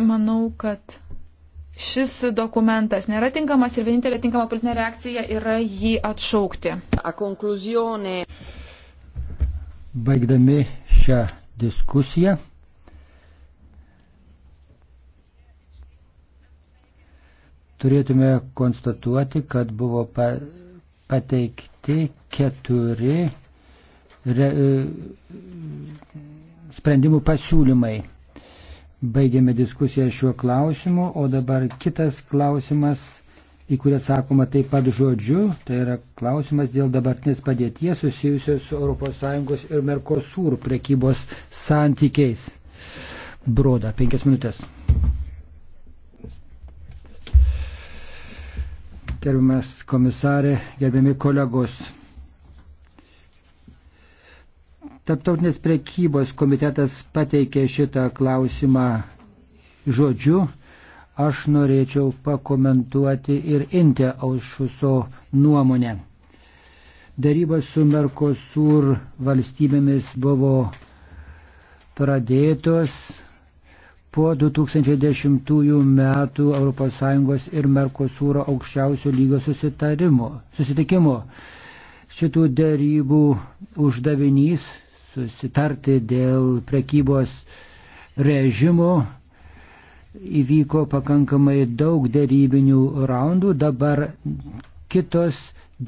Manau, kad šis dokumentas nėra tinkamas ir vienintelė tinkama politinė reakcija yra jį atšaukti. Baigdami šią diskusiją. Turėtume konstatuoti, kad buvo pateikti keturi re, e, sprendimų pasiūlymai. Baigėme diskusiją šiuo klausimu, o dabar kitas klausimas, į kurį atsakoma taip pat žodžiu, tai yra klausimas dėl dabartinės padėties susijusios su ES ir Merkosūr prekybos santykiais. Broda, penkias minutės. Gerbiamas komisarė, gerbiami kolegos. Taptautinės prekybos komitetas pateikė šitą klausimą žodžiu. Aš norėčiau pakomentuoti ir Inte Aušuso nuomonę. Darybos su Merkosur valstybėmis buvo pradėtos po 2010 metų ES ir Merkosūro aukščiausio lygio susitarimo, susitikimo. Šitų dėrybų uždavinys susitarti dėl prekybos režimo. Įvyko pakankamai daug dėrybinių raundų, dabar kitos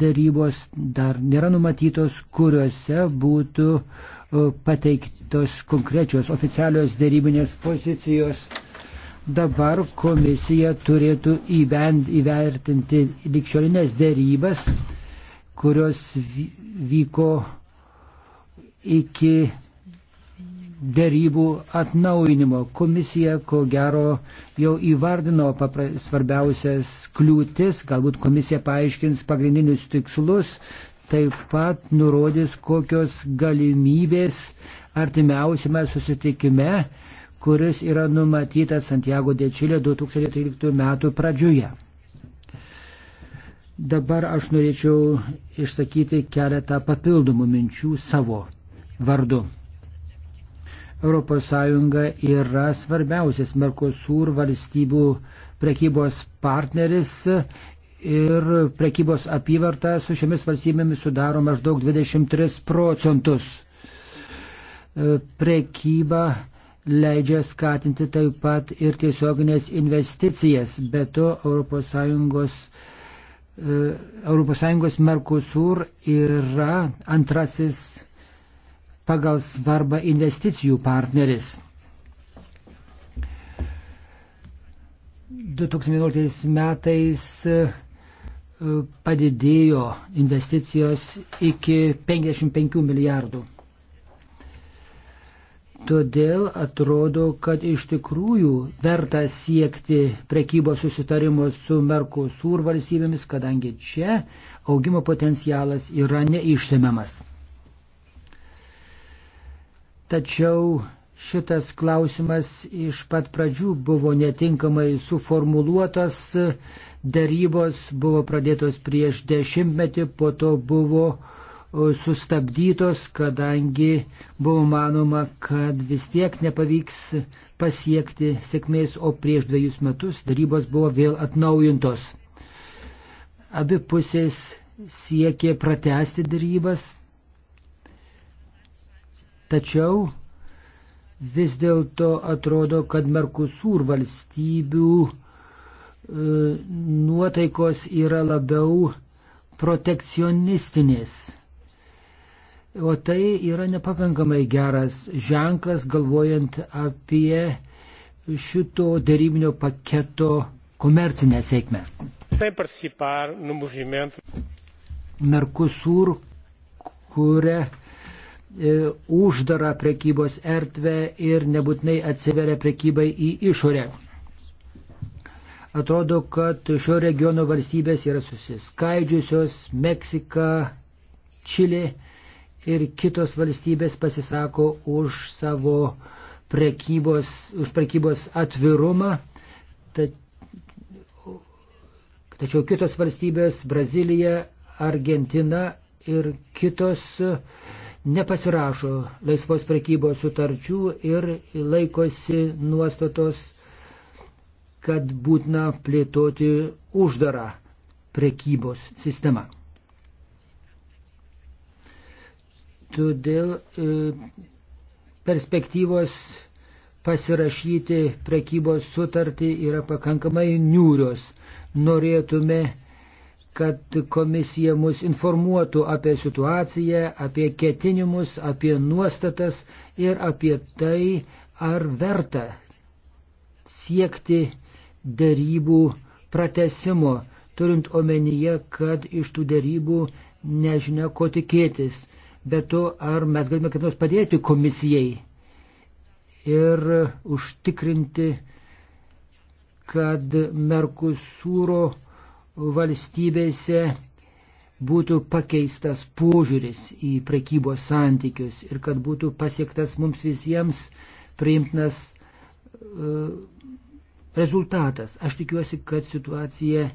dėrybos dar nėra numatytos, kuriuose būtų pateiktos konkrečios oficialios dėrybinės pozicijos. Dabar komisija turėtų įvertinti likščiolinės dėrybas, kurios vyko iki dėrybų atnaujinimo. Komisija, ko gero, jau įvardino svarbiausias kliūtis, galbūt komisija paaiškins pagrindinius tikslus, taip pat nurodys, kokios galimybės artimiausiame susitikime, kuris yra numatytas Santiago de Čilė 2013 metų pradžiuje. Dabar aš norėčiau išsakyti keletą papildomų minčių savo vardu. ES yra svarbiausias Merkosur valstybių prekybos partneris ir prekybos apyvarta su šiomis valstybėmis sudaro maždaug 23 procentus. E, prekyba leidžia skatinti taip pat ir tiesioginės investicijas, bet to ES ES Merkusur yra antrasis pagal svarbą investicijų partneris. 2011 metais e, padidėjo investicijos iki 55 milijardų. Todėl atrodo, kad iš tikrųjų verta siekti prekybos susitarimo su Merkosur valstybėmis, kadangi čia augimo potencialas yra neišsemiamas. Tačiau šitas klausimas iš pat pradžių buvo netinkamai suformuluotas, darybos buvo pradėtos prieš dešimtmetį, po to buvo sustabdytos, kadangi buvo manoma, kad vis tiek nepavyks pasiekti sėkmės, o prieš dviejus metus darybos buvo vėl atnaujintos. Abi pusės siekė pratesti darybas, Tačiau vis dėlto atrodo, kad Merkusūr valstybių e, nuotaikos yra labiau protekcionistinės. O tai yra nepakankamai geras ženklas, galvojant apie šito darybinio paketo komercinę sėkmę. Merkusur kuria E, uždarą prekybos erdvę ir nebūtinai atsiveria prekybai į išorę. Atrodo, kad šio regiono valstybės yra susiskaidžiusios - Meksika, Čilė ir kitos valstybės pasisako už savo prekybos, už prekybos atvirumą. Tačiau kitos valstybės - Brazilija, Argentina ir kitos nepasirašo laisvos prekybos sutarčių ir laikosi nuostatos, kad būtina plėtoti uždarą prekybos sistemą. Todėl e, perspektyvos pasirašyti prekybos sutartį yra pakankamai niūrios. Norėtume kad komisija mus informuotų apie situaciją, apie ketinimus, apie nuostatas ir apie tai, ar verta siekti dėrybų pratesimo, turint omenyje, kad iš tų dėrybų nežinia, ko tikėtis. Bet to, ar mes galime kaip nors padėti komisijai ir užtikrinti, kad Merkusūro valstybėse būtų pakeistas požiūris į prekybos santykius ir kad būtų pasiektas mums visiems priimtinas uh, rezultatas. Aš tikiuosi, kad situacija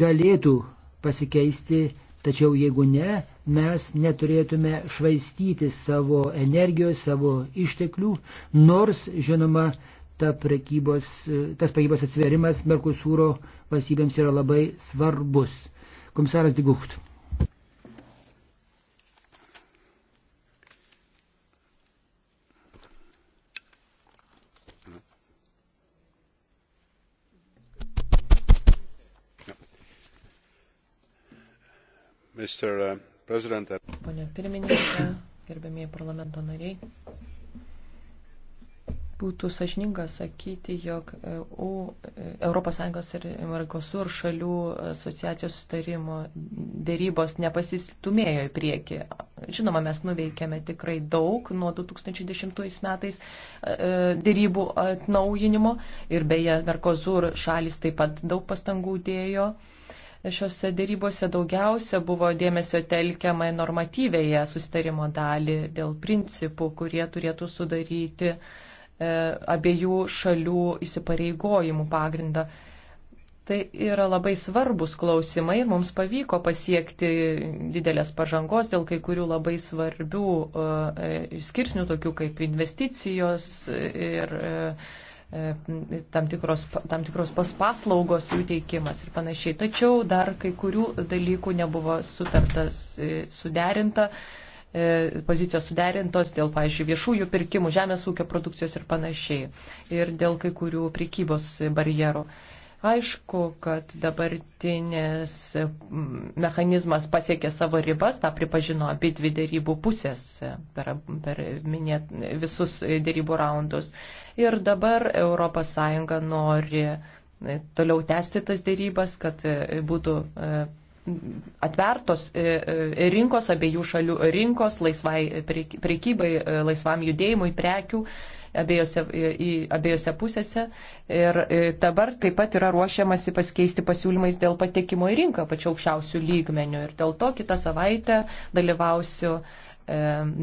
galėtų pasikeisti, tačiau jeigu ne, mes neturėtume švaistyti savo energijos, savo išteklių, nors, žinoma, ta prekybos, tas prekybos atsverimas Merkusūro valstybėms yra labai svarbus. Komisaras Digucht. Uh, uh, Pone pirmininke, gerbėmiai parlamento nariai, būtų sažininga sakyti, jog ES e, ir Mercosur šalių asociacijos sustarimo dėrybos nepasistumėjo į priekį. Žinoma, mes nuveikėme tikrai daug nuo 2010 metais e, e, dėrybų atnaujinimo ir beje Mercosur šalis taip pat daug pastangų dėjo. Šiuose dėrybose daugiausia buvo dėmesio telkiama normatyvėje sustarimo dalį dėl principų, kurie turėtų sudaryti uh, E, abiejų šalių įsipareigojimų pagrindą. Tai yra labai svarbus klausimai ir mums pavyko pasiekti didelės pažangos dėl kai kurių labai svarbių e, e, skirsnių, tokių kaip investicijos ir tam tikros, tam tikros paslaugos jų teikimas ir panašiai. Tačiau dar kai kurių dalykų nebuvo sutartas, suderinta. E, pozicijos suderintos dėl, pavyzdžiui, viešųjų pirkimų, žemės ūkio produkcijos ir panašiai, ir dėl kai kurių prekybos barjerų. Aišku, kad dabartinės mechanizmas pasiekė savo ribas, tą pripažino abi dvi dėrybų pusės per, per minėt, visus dėrybų raundus. Ir dabar ES nori e, toliau tęsti tas dėrybas, kad e, būtų atvertos e, e, rinkos, abiejų šalių rinkos, laisvai prekybai, e, laisvam judėjimui prekių abiejose, į, abiejose pusėse. Ir dabar taip pat yra ruošiamasi pasikeisti pasiūlymais dėl patekimo į rinką pačiu aukščiausių lygmenių. Ir dėl to kitą savaitę dalyvausiu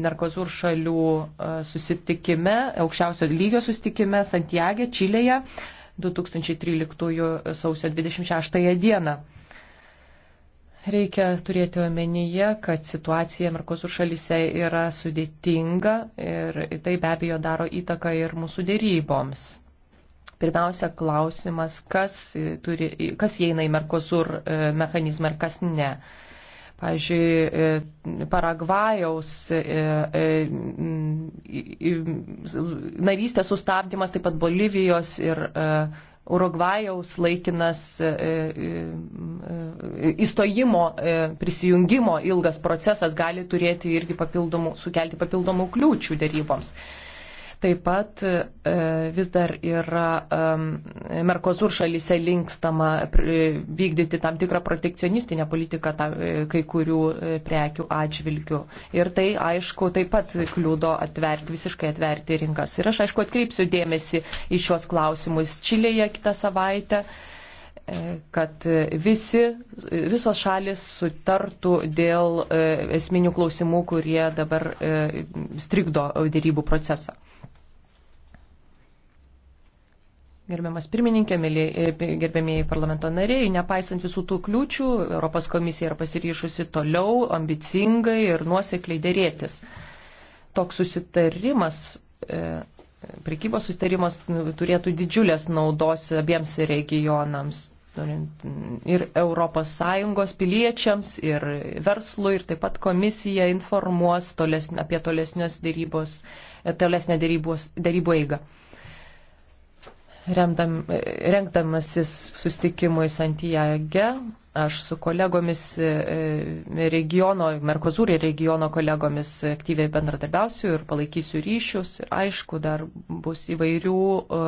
Merkozur šalių susitikime, aukščiausio lygio susitikime Santiagė, Čilėje 2013 sausio 26 dieną. Reikia turėti omenyje, kad situacija Merkosur šalyse yra sudėtinga ir tai be abejo daro įtaką ir mūsų dėryboms. Pirmiausia, klausimas, kas, turi, kas įeina į Merkosur e, mechanizmą ir kas ne. Pavyzdžiui, e, Paragvajaus e, narystės sustabdymas, taip pat Bolivijos ir Urugvajaus laikinas įstojimo, e, prisijungimo ilgas procesas gali turėti irgi papildomų, sukelti papildomų kliūčių dėryboms. Taip pat e, vis dar yra Merkozur šalyse linkstama vykdyti tam tikrą protekcionistinę politiką e, kai kurių prekių atžvilgių. Ir tai, aišku, taip pat kliūdo atverti, visiškai atverti rinkas. Ir aš, aišku, atkreipsiu dėmesį į šios klausimus. Čilėje kitą savaitę E, kad visi, visos šalis sutartų dėl e, esminių klausimų, kurie dabar e, strikdo dėrybų procesą. Gerbiamas pirmininkė, gerbėmėjai parlamento nariai, nepaisant visų tų kliūčių, Europos komisija yra pasiryšusi toliau, ambicingai ir nuosekliai dėrėtis. Toks susitarimas prekybos sustarimas turėtų didžiulės naudos abiems regionams norint ir ES piliečiams, ir verslui, ir taip pat komisija informuos tolesnė, apie tolesnės dėrybos, tolesnę dėrybos, dėrybų eigą. Remdam, rengdamasis sustikimui Santijage, Aš su kolegomis e, e, regiono, Merkozūrė regiono kolegomis aktyviai bendradarbiausiu ir palaikysiu ryšius. Ir aišku, dar bus įvairių e,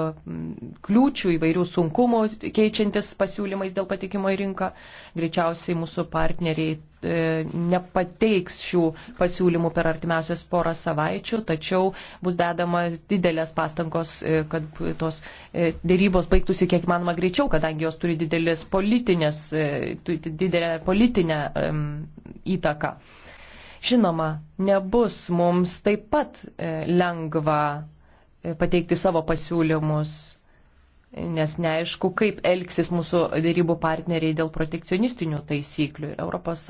kliūčių, įvairių sunkumų keičiantis pasiūlymais dėl patikimo į rinką. Greičiausiai mūsų partneriai nepateiks šių pasiūlymų per artimiausias porą savaičių, tačiau bus dedama didelės pastangos, kad tos dėrybos baigtųsi kiek manoma greičiau, kadangi jos turi didelės politinės didelę politinę įtaką. Žinoma, nebus mums taip pat e, lengva e, pateikti savo pasiūlymus, nes neaišku, kaip elgsis mūsų dėrybų partneriai dėl protekcionistinių taisyklių. ES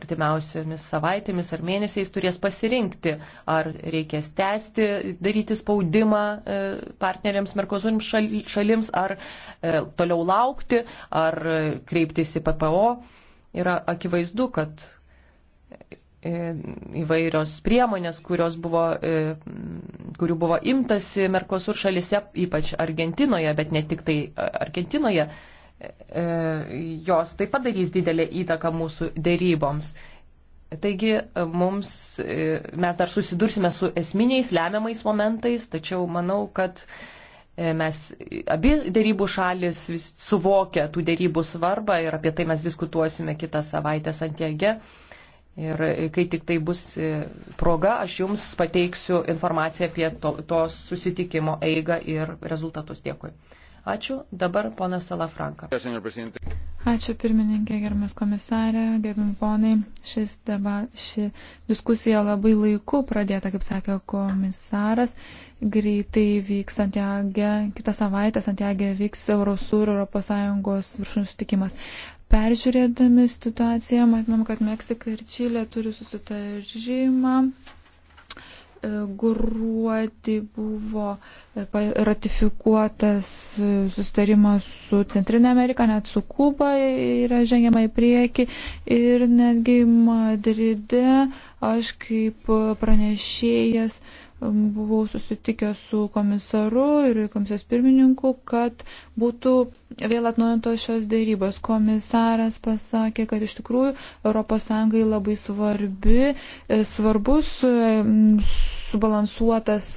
artimiausiomis savaitėmis ar mėnesiais turės pasirinkti, ar reikės tęsti, daryti spaudimą e, partneriams Merkozum šalims, ar e, toliau laukti, ar e, kreiptis į PPO. Yra akivaizdu, kad įvairios priemonės, buvo, kurių buvo imtasi Merkosur šalise, ypač Argentinoje, bet ne tik tai Argentinoje, E, jos taip pat darys didelę įtaką mūsų dėryboms. Taigi e, mums, e, mes dar susidursime su esminiais lemiamais momentais, tačiau manau, kad mes abi dėrybų šalis suvokia tų dėrybų svarbą ir apie tai mes diskutuosime kitą savaitę Santiege. Ir kai tik tai bus proga, aš jums pateiksiu informaciją apie to, to susitikimo eigą ir rezultatus. Dėkui. Ačiū. Dabar ponas Salafranka. Ačiū pirmininkė, gerbiamas komisarė, gerbiam ponai. Šis deba, ši diskusija labai laiku pradėta, kaip sakė komisaras. Greitai vyks Santiagė, kitą savaitę Santiagė vyks Eurosur Europos Sąjungos viršūnų sutikimas. Peržiūrėdami situaciją, matome, kad Meksika ir Čilė turi susitarimą gruodį buvo e, ratifikuotas e, sustarimas su Centrinė Amerika, net su Kuba yra žengiama į priekį ir netgi Madride aš kaip pranešėjas buvau susitikęs su komisaru ir komisijos pirmininku, kad būtų vėl atnaujintos šios dėrybos. Komisaras pasakė, kad iš tikrųjų ES labai svarbi, e, svarbus e, subalansuotas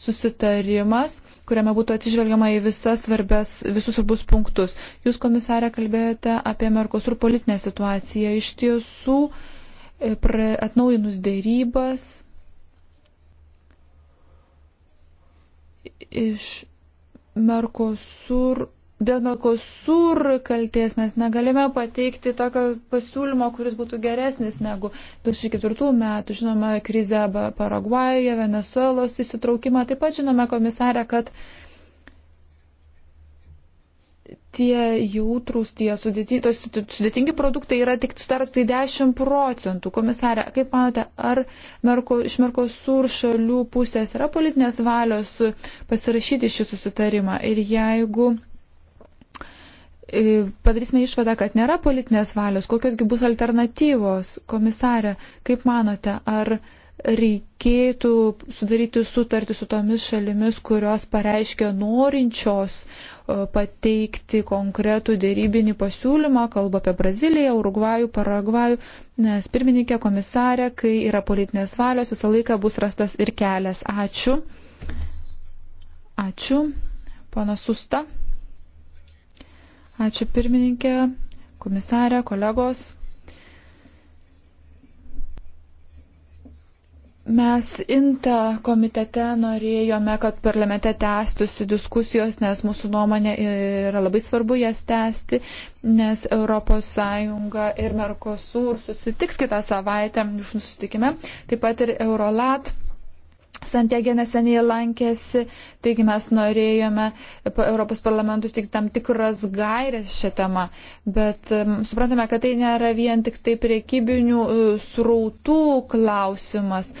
susitarimas kuriame būtų atsižvelgiama į visas svarbės, visus svarbus punktus. Jūs, komisarė, kalbėjote apie Merkosur politinę situaciją. Iš tiesų, e, atnaujinus dėrybas, iš Merkosur. Dėl Merkosur kalties mes negalime pateikti tokio pasiūlymo, kuris būtų geresnis negu 2004 metų. Žinoma, krizę Paragvajoje, Venezuelos įsitraukimą. Taip pat žinome, komisarė, kad uh, tie jautrūs, tie sudėtingi produktai yra tik sudaro tai 10 procentų. Komisarė, kaip manote, ar Merko, iš Merkosur šalių pusės yra politinės valios pasirašyti šį susitarimą? Ir jeigu e, padarysime išvadą, kad nėra politinės valios, kokiosgi bus alternatyvos, komisarė, kaip manote, ar reikėtų sudaryti sutartį su tomis šalimis, kurios pareiškia norinčios e, pateikti konkretų dėrybinį pasiūlymą, kalba apie Braziliją, Urugvajų, Paragvajų, nes pirmininkė komisarė, kai yra politinės valios, visą laiką bus rastas ir kelias. Ačiū. Ačiū. Pana Susta. Ačiū pirmininkė, komisarė, kolegos. Mes INTA komitete norėjome, kad parlamente tęstųsi diskusijos, nes mūsų nuomonė yra labai svarbu jas tęsti, nes ES ir Mercosur susitiks kitą savaitę, jūs susitikime, taip pat ir Eurolat Santiagė neseniai lankėsi, taigi mes norėjome Europos parlamentus tik tam tikras gairės šią temą, bet suprantame, kad tai nėra vien tik tai priekybinių e, srautų klausimas.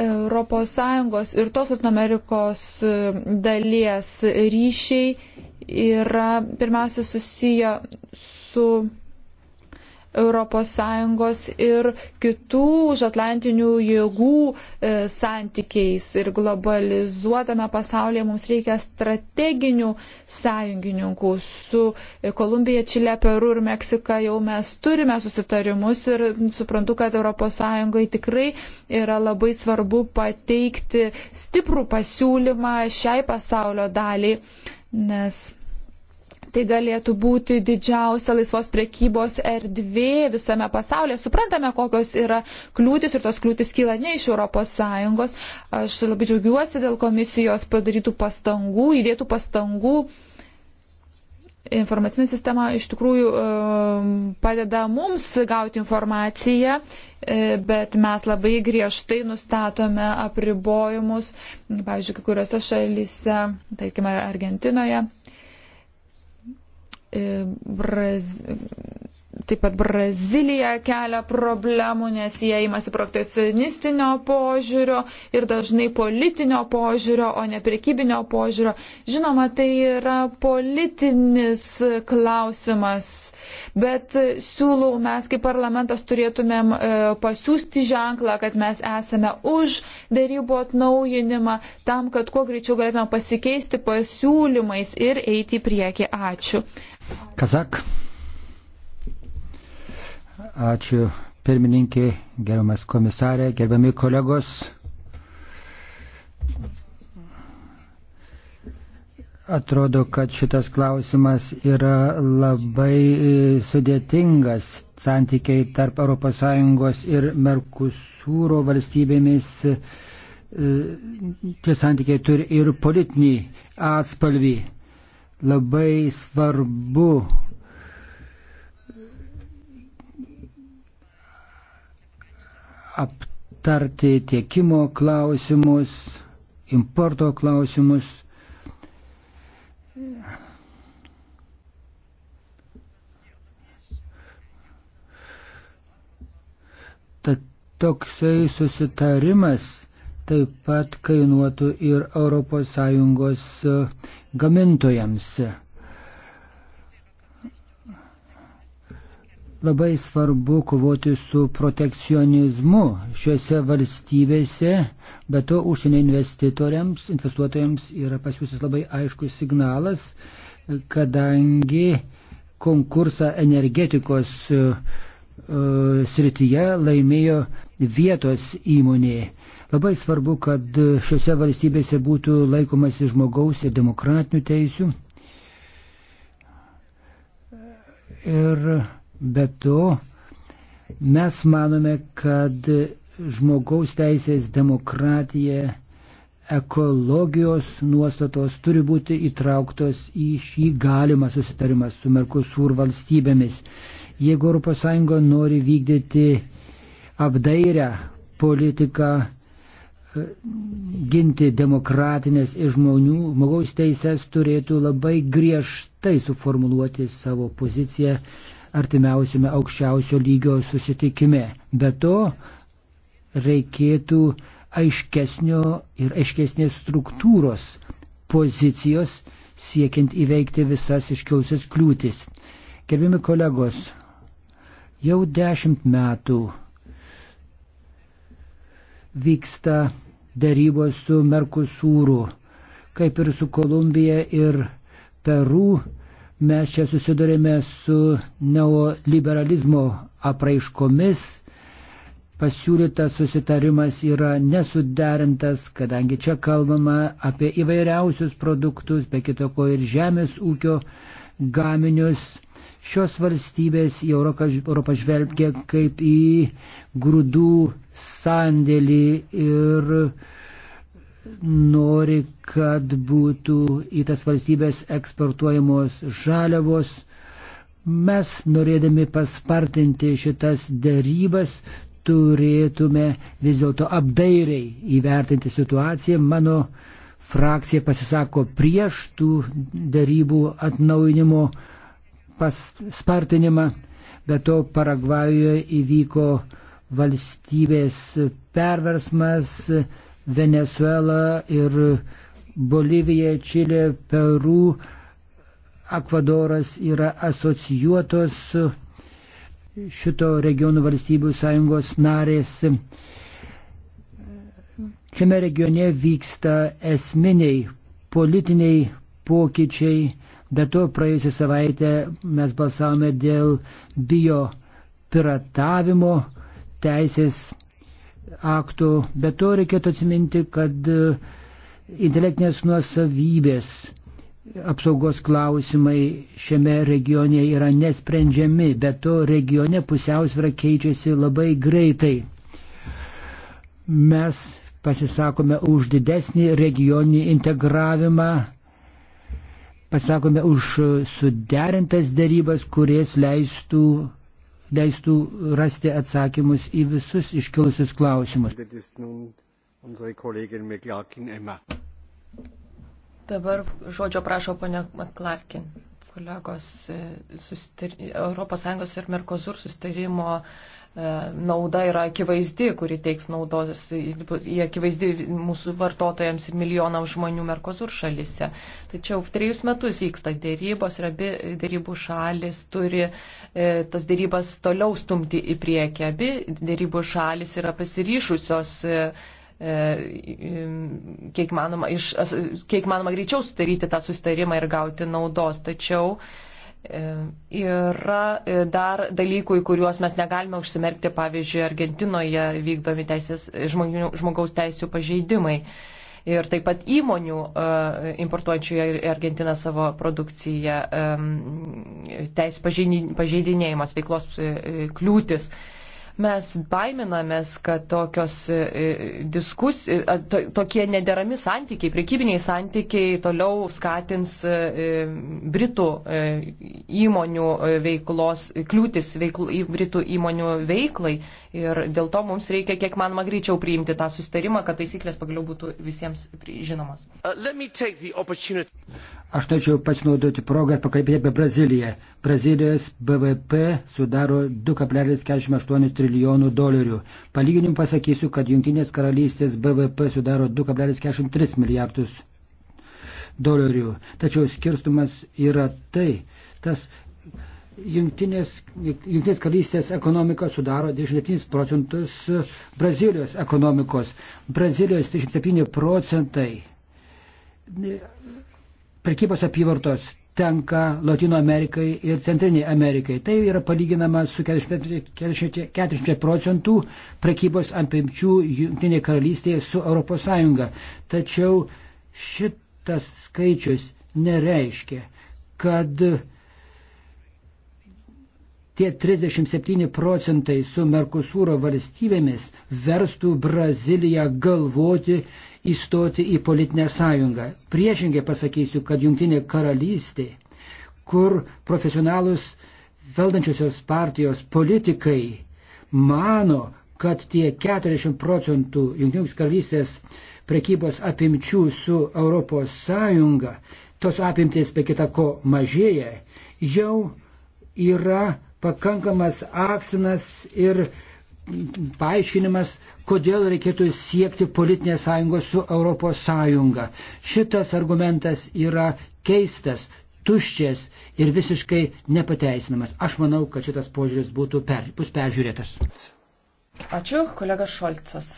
ES ir tos Latino Amerikos e, dalies ryšiai yra pirmiausia susiję su ES ir kitų užatlantinių jėgų e, santykiais. Ir globalizuotame pasaulyje mums reikia strateginių sąjungininkų. Su e, Kolumbija, Čile, Peru ir Meksika jau mes turime susitarimus ir suprantu, kad ES tikrai yra labai svarbu pateikti stiprų pasiūlymą šiai pasaulio daliai, nes tai galėtų būti didžiausia laisvos priekybos erdvė visame pasaulyje. Suprantame, kokios yra kliūtis ir tos kliūtis kyla ne iš ES. Aš labai džiaugiuosi dėl komisijos padarytų pastangų, įdėtų pastangų. Informacinė sistema iš tikrųjų um, padeda mums gauti informaciją, e, bet mes labai griežtai nustatome apribojimus, pavyzdžiui, kai kuriuose šalyse, tarkime, Argentinoje, Braz... Taip pat Brazilija kelia problemų, nes jie imasi protekcionistinio požiūrio ir dažnai politinio požiūrio, o ne prekybinio požiūrio. Žinoma, tai yra politinis klausimas, bet siūlau, mes kaip parlamentas turėtumėm e, pasiūsti ženklą, kad mes esame už dėrybų atnaujinimą, tam, kad kuo greičiau galėtume pasikeisti pasiūlymais ir eiti į priekį. Ačiū. Kazak. Ačiū pirmininkė, gerbiamas komisarė, gerbiami kolegos. Atrodo, kad šitas klausimas yra labai sudėtingas. Santykiai tarp ES ir Merkusūro valstybėmis, e, tie santykiai turi ir politinį atspalvį labai svarbu aptarti tiekimo klausimus, importo klausimus. Tad toksai susitarimas taip pat kainuotų ir ES gamintojams. Labai svarbu kovoti su protekcionizmu šiuose valstybėse, bet to užsienio investitoriams, investuotojams yra pasiūsis labai aiškus signalas, kadangi konkursą energetikos uh, srityje laimėjo vietos įmonė Labai svarbu, kad šiuose valstybėse būtų laikomasi žmogaus ir demokratinių teisių. Ir be to mes manome, kad žmogaus teisės demokratija ekologijos nuostatos turi būti įtrauktos į šį galimą susitarimą su Merkusur valstybėmis. Jeigu ES nori vykdyti apdairę politiką ginti demokratinės ir žmonių, žmogaus teises turėtų labai griežtai suformuluoti savo poziciją artimiausiame aukščiausio lygio susitikime. Be to reikėtų aiškesnio ir aiškesnės struktūros pozicijos siekiant įveikti visas iškiausias kliūtis. Gerbimi kolegos, jau dešimt metų vyksta darybos su Merkusūru. Kaip ir su Kolumbija ir Peru, mes čia susidurėme su neoliberalizmo apraiškomis. Pasiūlytas susitarimas yra nesuderintas, kadangi čia kalbama apie įvairiausius produktus, be kitoko ir žemės ūkio gaminius Šios valstybės į Europą, Europą žvelgia kaip į grūdų sandėlį ir nori, kad būtų į tas valstybės eksportuojamos žaliavos. Mes, norėdami paspartinti šitas dėrybas, turėtume vis dėlto apdairiai įvertinti situaciją. Mano frakcija pasisako prieš tų dėrybų atnaujinimo spartinimą, bet to Paragvajoje įvyko valstybės perversmas, Venezuela ir Bolivija, Čilė, Peru, Ekvadoras yra asocijuotos šito regionų valstybių sąjungos narės. Šiame regione vyksta esminiai politiniai pokyčiai, Be to, praėjusią savaitę mes balsavome dėl bio piratavimo teisės aktų. Be to, reikėtų atsiminti, kad e, intelektinės nuosavybės apsaugos klausimai šiame regione yra nesprendžiami, bet to regione pusiausvėra keičiasi labai greitai. Mes pasisakome už didesnį regioninį integravimą pasakome už suderintas darybas, kuris leistų, leistų rasti atsakymus į visus iškilusius klausimus. Dabar žodžio prašo ponia Maklarkin, kolegos e, susitari, ES ir Merkozur sustarimo E, nauda yra akivaizdi, kuri teiks naudos, jie akivaizdi mūsų vartotojams ir milijonams žmonių Merkosur šalise. Tačiau trejus metus vyksta dėrybos ir abi dėrybų šalis turi e, tas dėrybas toliau stumti į priekį. Abi dėrybų šalis yra pasiryšusios. E, e, Kiek manoma, iš, kiek manoma greičiau sudaryti tą sustarimą ir gauti naudos. Tačiau uh, E, yra e, dar dalykų, į kuriuos mes negalime užsimerkti, pavyzdžiui, Argentinoje vykdomi teisės, žmonių, žmogaus teisų pažeidimai. Ir taip pat įmonių e, importuojančių į Argentiną savo produkciją teisų pažeidinėjimas, veiklos kliūtis. Mes baiminamės, kad tokios e, e, diskus, e, to, tokie nederami santykiai, priekybiniai santykiai toliau skatins Britų įmonių veiklos, kliūtis veikl, Britų įmonių veiklai. Ir dėl to mums reikia kiek manoma greičiau priimti tą sustarimą, kad taisyklės pagaliau būtų visiems žinomos. Uh, Aš norėčiau pasinaudoti progą ir pakalbėti apie Braziliją. Brazilijos BVP sudaro 2,48 trilijonų dolerių. Palyginim pasakysiu, kad Junktinės karalystės BVP sudaro 2,43 milijardus dolerių. Tačiau skirstumas yra tai, tas Junktinės, Junktinės karalystės ekonomika sudaro 27 procentus Brazilijos ekonomikos. Brazilijos 37 procentai prekybos apyvartos tenka Latino Amerikai ir Centriniai Amerikai. Tai yra palyginama su 40 procentų prekybos apimčių Junktinėje karalystėje su ES. Tačiau šitas skaičius nereiškia, kad tie 37 procentai su Merkusūro valstybėmis verstų Braziliją galvoti įstoti į politinę sąjungą. Priešingai pasakysiu, kad Junktinė karalystė, kur profesionalus valdančiosios partijos politikai mano, kad tie 40 procentų Junktinės karalystės prekybos apimčių su Europos Sąjunga, tos apimtys be kitako mažėja, jau yra pakankamas aksinas ir paaiškinimas, kodėl reikėtų siekti politinės sąjungos su Europos sąjunga. Šitas argumentas yra keistas, tuščias ir visiškai nepateisinamas. Aš manau, kad šitas požiūris būtų per, bus peržiūrėtas. Ačiū, kolega Šolcas.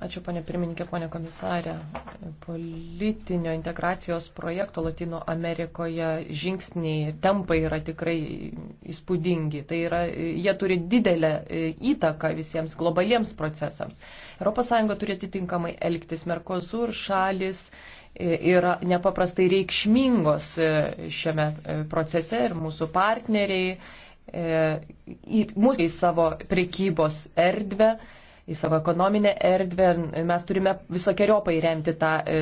Ačiū, ponė pirmininkė, ponė komisarė. Politinio integracijos projekto Latino Amerikoje žingsniai ir tempai yra tikrai įspūdingi. Tai yra, jie turi didelę e, įtaką visiems globaliems procesams. ES turi atitinkamai elgtis. Merkozur šalis e, yra nepaprastai reikšmingos e, šiame procese ir mūsų partneriai, mūsų į savo prekybos erdvę į savo ekonominę erdvę. Mes turime visokiojopai remti tą e,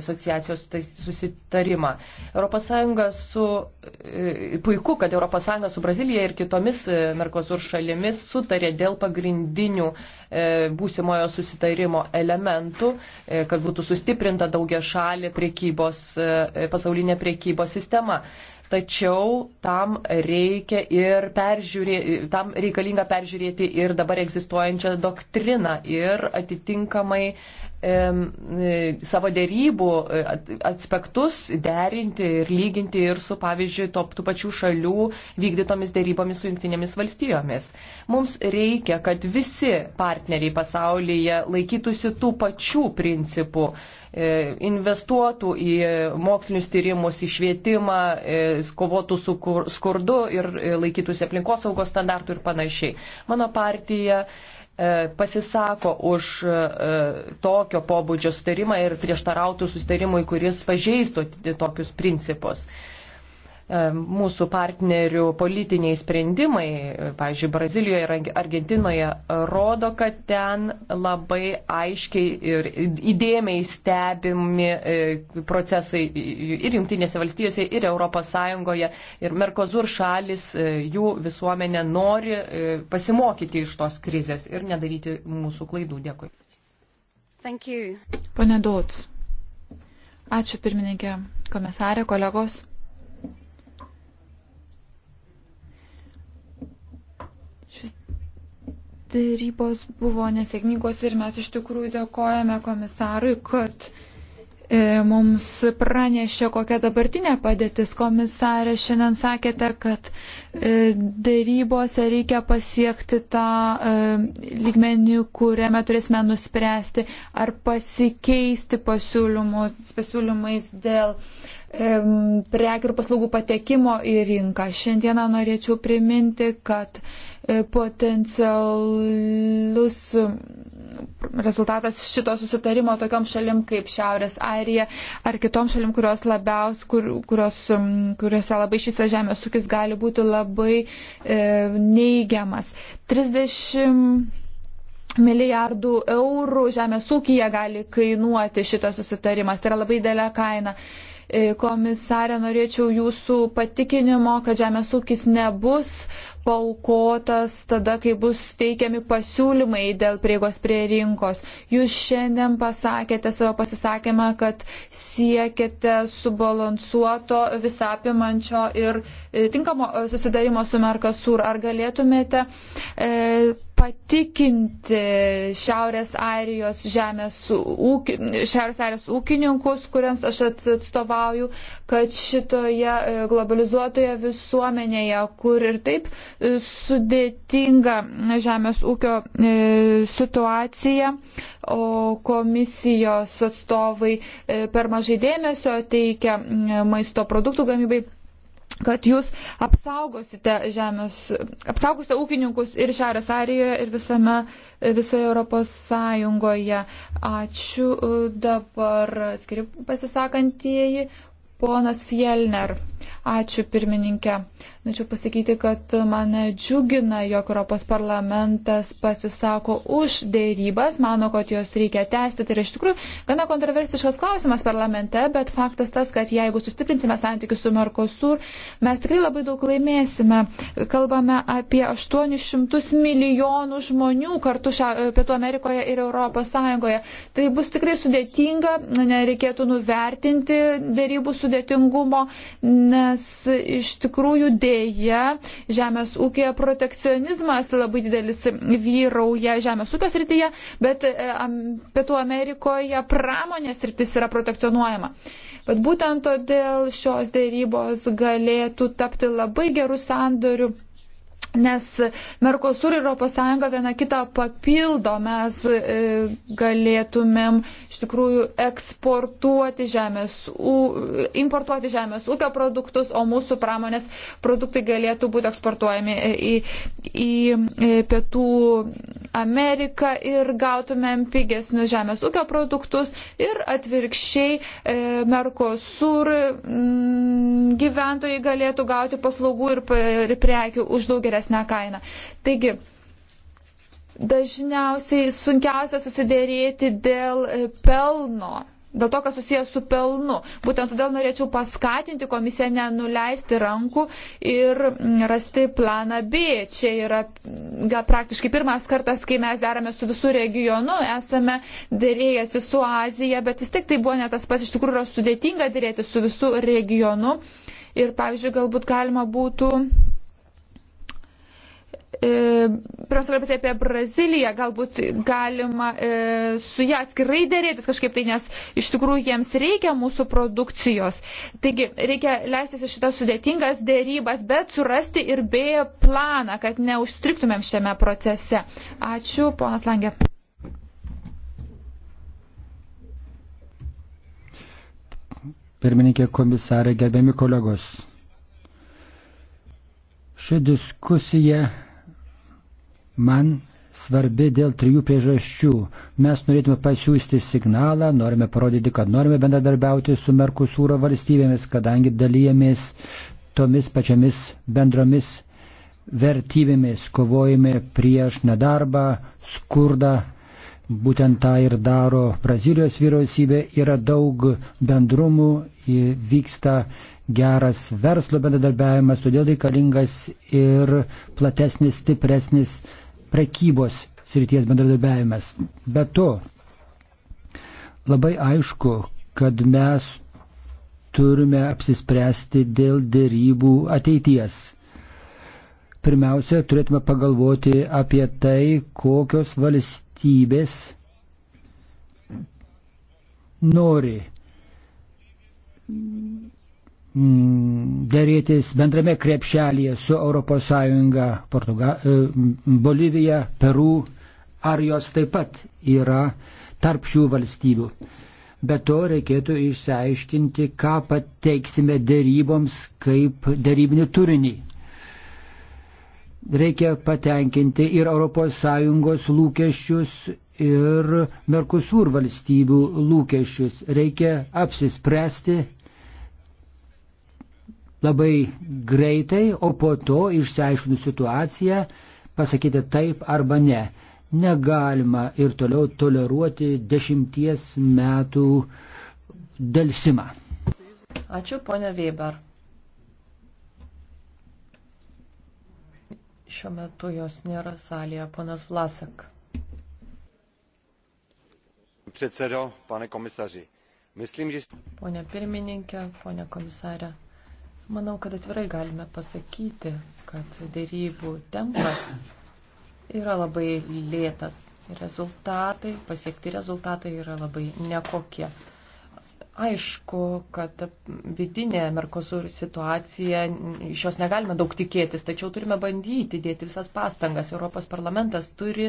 asociacijos tai susitarimą. ES su, e, puiku, kad ES su Brazilija ir kitomis e, Merkosur šalimis sutarė dėl pagrindinių būsimojo susitarimo elementų, kad būtų sustiprinta daugia šalė priekybos, pasaulinė priekybos sistema tačiau tam reikia ir peržiūrėti, tam reikalinga peržiūrėti ir dabar egzistuojančią doktriną ir atitinkamai e, savo dėrybų e, aspektus derinti ir lyginti ir su, pavyzdžiui, to, tų pačių šalių vykdytomis dėrybomis su jungtinėmis valstijomis. Mums reikia, kad visi partneriai pasaulyje laikytųsi tų pačių principų, E, investuotų į mokslinius tyrimus, į švietimą, e, kovotų su skurdu ir e, laikytųsi aplinkosaugos standartų ir panašiai. Mano partija pasisako už tokio pobūdžio sustarimą ir prieštarautų sustarimui, kuris pažeistų tokius principus. E, mūsų partnerių politiniai sprendimai, e, pavyzdžiui, Brazilijoje ir Argentinoje, rodo, kad ten labai aiškiai ir įdėmiai stebimi e, procesai ir Junktinėse valstijose, ir ES, ir Merkozur šalis, jų visuomenė nori pasimokyti iš tos krizės ir nedaryti mūsų klaidų. Dėkui. Pane Dauts. Ačiū pirmininkė, komisarė, kolegos. Dėrybos buvo nesėkmingos ir mes iš tikrųjų dėkojame komisarui, kad e, mums pranešė, kokia dabartinė padėtis. Komisarė, šiandien sakėte, kad e, dėrybose reikia pasiekti tą e, lygmenį, kuriame turėsime nuspręsti, ar pasikeisti pasiūlymais dėl prekių ir paslaugų patekimo į rinką. Šiandieną norėčiau priminti, kad E, potencialus rezultatas šito susitarimo tokiom šalim kaip Šiaurės Airija ar kitom šalim, kurios labiaus, kur, kurios, kuriuose labai šis žemės ūkis gali būti labai e, neigiamas. 30 milijardų eurų žemės ūkija gali kainuoti šitas susitarimas. Tai yra labai dėlė kaina. E, komisarė, norėčiau jūsų patikinimo, kad žemės ūkis nebus paukotas tada, kai bus teikiami pasiūlymai dėl prieigos prie rinkos. Jūs šiandien pasakėte savo pasisakymą, kad siekėte subalansuoto, visapimančio ir e, tinkamo e, susidarimo su Merkasur. Ar galėtumėte e, patikinti Šiaurės Airijos žemės ūkį, Šiaurės Airijos ūkininkus, kuriems aš atstovauju, kad šitoje e, globalizuotoje visuomenėje, kur ir taip e, sudėtinga žemės ūkio e, situacija, o komisijos atstovai per mažai dėmesio teikia maisto produktų gamybai kad jūs apsaugosite žemės, apsaugosite ūkininkus ir Šiaurės Arijoje, ir visame, visoje Europos Sąjungoje. Ačiū e, dabar skiri pasisakantieji Ponas Fielner, ačiū pirmininkė. Norėčiau pasakyti, kad mane džiugina, jog Europos parlamentas pasisako už dėrybas, mano, kad jos reikia tęsti. Tai yra iš tikrųjų gana kontroversiškas klausimas parlamente, bet faktas tas, kad jeigu sustiprinsime santykius su Mercosur, mes tikrai labai daug laimėsime. Kalbame apie 800 milijonų žmonių kartu šia, Pietų Amerikoje ir Europos Sąjungoje. Tai bus tikrai sudėtinga, nereikėtų nuvertinti dėrybų su sudėtingumo, nes iš tikrųjų dėja žemės ūkėje protekcionizmas labai didelis vyrauja žemės ūkio srityje, bet e, Pietų Amerikoje pramonės sritis yra protekcionuojama. Bet būtent todėl šios dėrybos galėtų tapti labai gerų sandorių Nes Merkosur ir ES viena kitą papildo, mes e, galėtumėm iš tikrųjų eksportuoti žemės, importuoti žemės ūkio produktus, o mūsų pramonės produktai galėtų būti eksportuojami e, į, į e, Pietų Ameriką ir gautumėm pigesnius žemės ūkio produktus ir atvirkščiai Merkosur gyventojai galėtų gauti paslaugų ir prekių už daug geresnį mažesnę kainą. Taigi, dažniausiai sunkiausia susidėrėti dėl e, pelno. Dėl to, kas susijęs su pelnu. Būtent todėl norėčiau paskatinti komisiją nenuleisti rankų ir mm, rasti planą B. Čia yra mm, gal, praktiškai pirmas kartas, kai mes derame su visų regionu, esame dėrėjęsi su Azija, bet vis tik tai buvo ne tas pats, iš tikrųjų yra sudėtinga dėrėti su visų regionu. Ir, pavyzdžiui, galbūt galima būtų E, pirmiausia, kalbėti apie Braziliją, galbūt galima e, su ją atskirai dėrėtis kažkaip tai, nes iš tikrųjų jiems reikia mūsų produkcijos. Taigi, reikia leistis į šitas sudėtingas dėrybas, bet surasti ir B planą, kad neužstriktumėm šiame procese. Ačiū, ponas Langė. Pirmininkė komisarė, gerbiami kolegos. Ši diskusija man svarbi dėl trijų priežasčių. Mes norėtume pasiūsti signalą, norime parodyti, kad norime bendradarbiauti su Merkusūro valstybėmis, kadangi dalyjamės tomis pačiamis bendromis vertybėmis, kovojame prieš nedarbą, skurdą. Būtent tą ir daro Brazilijos vyriausybė, yra daug bendrumų, vyksta geras verslo bendradarbiavimas, todėl reikalingas ir platesnis, stipresnis prekybos srities bendradarbiavimas. Be to, labai aišku, kad mes turime apsispręsti dėl dėrybų ateities. Pirmiausia, turėtume pagalvoti apie tai, kokios valstybės nori Mm, dėrėtis bendrame krepšelėje su ES, Portuga, e, Bolivija, Peru, ar jos taip pat yra tarp šių valstybių. Be to reikėtų išsiaiškinti, ką pateiksime dėryboms kaip dėrybinį turinį. Reikia patenkinti ir ES lūkesčius, ir Merkusur valstybių lūkesčius. Reikia apsispręsti, labai greitai, o po to išsiaiškinus situaciją pasakyti taip arba ne. Negalima ir toliau toleruoti dešimties metų dėlsimą. Ačiū, ponia Weber. Šiuo metu jos nėra salėje, ponas Vlasak. Předsedo, pane komisaři, myslím, že... Ponia pirmininkė, ponia komisarė. Manau, kad atvirai galime pasakyti, kad dėrybų tempas yra labai lėtas. Rezultatai, pasiekti rezultatai yra labai nekokie. Aišku, kad vidinė Merkosur situacija, iš jos negalime daug tikėtis, tačiau turime bandyti dėti visas pastangas. Europos parlamentas turi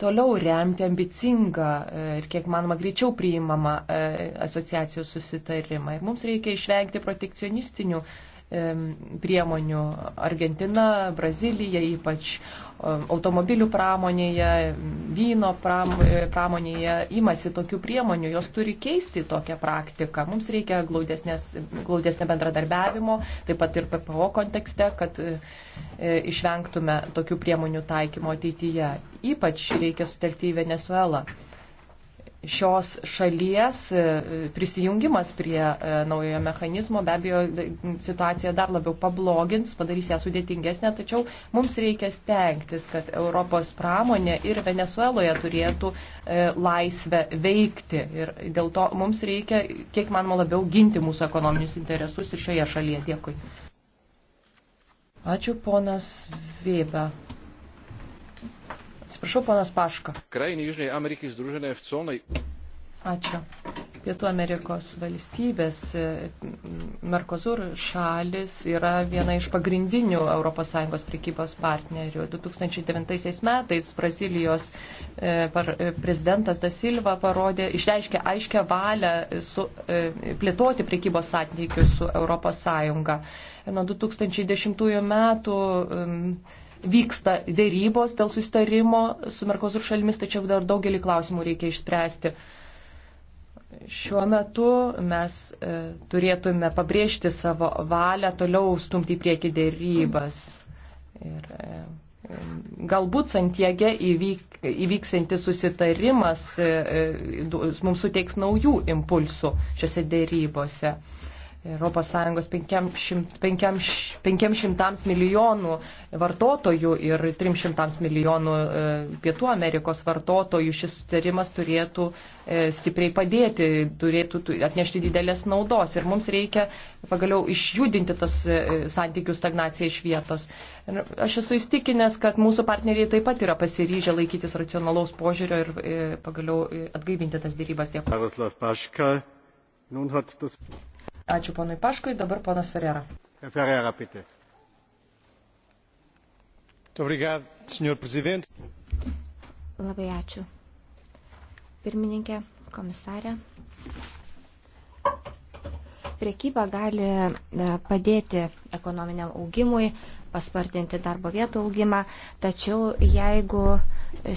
toliau remti ambicingą e, ir kiek manoma greičiau priimamą e, asociacijos susitarimą. Ir mums reikia išvengti protekcionistinių priemonių Argentina, Brazilija, ypač automobilių pramonėje, vyno pramonėje imasi tokių priemonių, jos turi keisti tokią praktiką. Mums reikia glaudesnė bendradarbiavimo, taip pat ir PPO kontekste, kad e, išvengtume tokių priemonių taikymo ateityje. Ypač reikia sutelkti į Venezuelą šios šalies e, prisijungimas prie e, naujojo mechanizmo be abejo e, situaciją dar labiau pablogins, padarys ją sudėtingesnę, tačiau mums reikia stengtis, kad Europos pramonė ir Venezueloje turėtų laisvę veikti ir dėl to mums reikia, kiek manoma, labiau ginti mūsų ekonominius interesus ir šioje šalyje. Dėkui. Ačiū ponas Vėba. Atsiprašau, ponas Paška. Krainė Južnėje Amerikai združenė v colnej. Ačiū. Pietų Amerikos valstybės, e, Merkozur šalis yra viena iš pagrindinių ES prekybos partnerių. 2009 metais Brazilijos e, e, prezidentas Da Silva parodė, išreiškė aiškę valią su, plėtoti prekybos santykius su ES. Ir nuo 2010 metų vyksta dėrybos dėl susitarimo su Merkosur šalimis, tačiau dar daugelį klausimų reikia išspręsti. Šiuo metu mes e, turėtume pabrėžti savo valią toliau stumti į priekį dėrybas. Ir, e, Galbūt Santiege įvyk, įvyksantis susitarimas e, e, mums suteiks naujų impulsų šiuose dėrybose. E, ES 500 milijonų vartotojų ir 300 milijonų e, Pietų Amerikos vartotojų šis sutarimas turėtų e, stipriai padėti, turėtų atnešti didelės naudos. Ir mums reikia pagaliau išjudinti tas e, santykių stagnaciją iš vietos. Ir aš esu įstikinęs, kad mūsų partneriai taip pat yra pasiryžę laikytis racionalaus požiūrio ir pagaliau atgaivinti tas dėrybas. Dėkui. Ačiū ponui Paškui, dabar ponas Ferrera. Ferrera, pite. Obrigado, senhor presidente. Labai ačiū. Pirmininkė, komisarė. Priekyba gali e, padėti ekonominiam augimui, paspartinti darbo vietų augimą, tačiau jeigu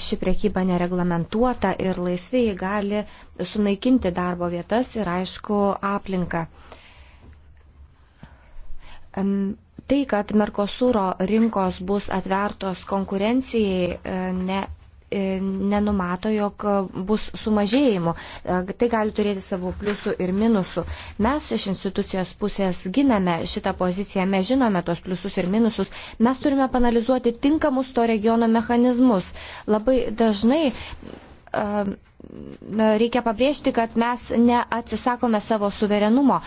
ši priekyba nereglamentuota ir laisvai gali sunaikinti darbo vietas ir aišku aplinką. Tai, kad Merkosūro rinkos bus atvertos konkurencijai, e, ne, e, nenumato, jog bus sumažėjimų. E, tai gali turėti savo pliusų ir minusų. Mes iš institucijos pusės giname šitą poziciją, mes žinome tos pliusus ir minusus. Mes turime panalizuoti tinkamus to regiono mechanizmus. Labai dažnai. Uh, reikia pabrėžti, kad mes neatsisakome savo suverenumo.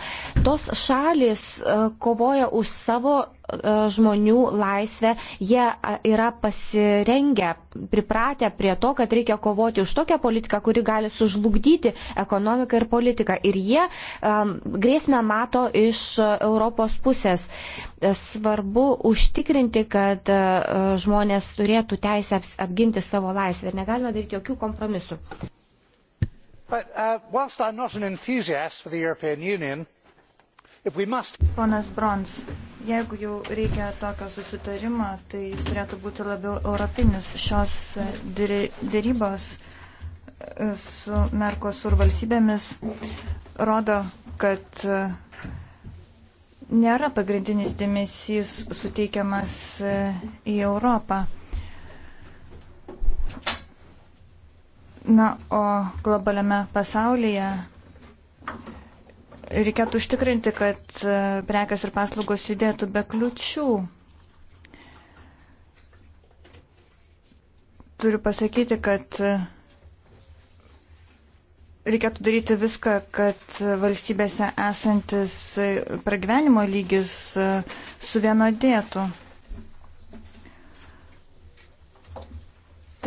Tos šalis e, kovoja už savo e, žmonių laisvę, jie yra pasirengę, pripratę prie to, kad reikia kovoti už tokią politiką, kuri gali sužlugdyti ekonomiką ir politiką. Ir jie um, grėsmę mato iš Europos pusės. Svarbu užtikrinti, kad uh, žmonės turėtų teisę apginti savo laisvę ir negalime daryti jokių kompromisų. But uh, whilst I'm not an enthusiast for the European Union, if we must. Ponas Brons, jeigu jau reikia tokio susitarimo, tai jis turėtų būti labiau europinis. Šios e, dėrybos e, su Merkosur valstybėmis rodo, kad e, nėra pagrindinis dėmesys suteikiamas į Europą. Na, o globaliame pasaulyje reikėtų užtikrinti, kad e, prekes ir paslaugos judėtų be kliučių. Turiu pasakyti, kad e, reikėtų daryti viską, kad valstybėse esantis e, pragyvenimo lygis suvienodėtų.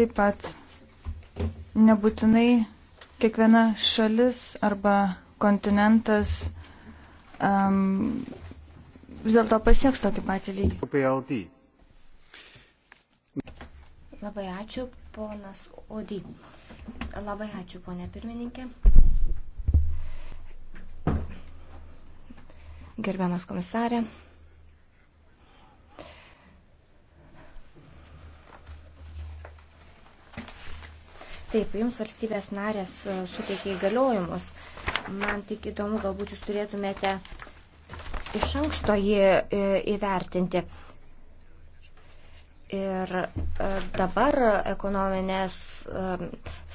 Taip pat Nebūtinai kiekviena šalis arba kontinentas um, vis dėlto pasieks tokį patį lygį. PLD. Labai ačiū, ponas Odi. Labai ačiū, ponė pirmininkė. Gerbiamas komisarė. Taip, jums valstybės narės e, suteikia įgaliojimus. Man tik įdomu, galbūt jūs turėtumėte iš anksto jį e, įvertinti. Ir e, dabar ekonominės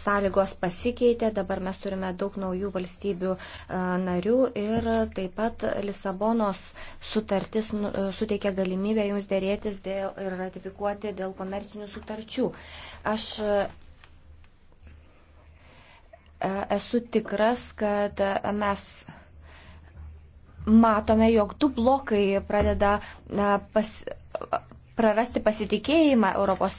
sąlygos pasikeitė, dabar mes turime daug naujų valstybių narių ir taip pat Lisabonos sutartis nu, suteikia galimybę jums dėrėtis dėl, ir ratifikuoti dėl komercinių sutarčių. Aš esu tikras, kad mes matome, jog du blokai pradeda pas, prarasti pasitikėjimą ES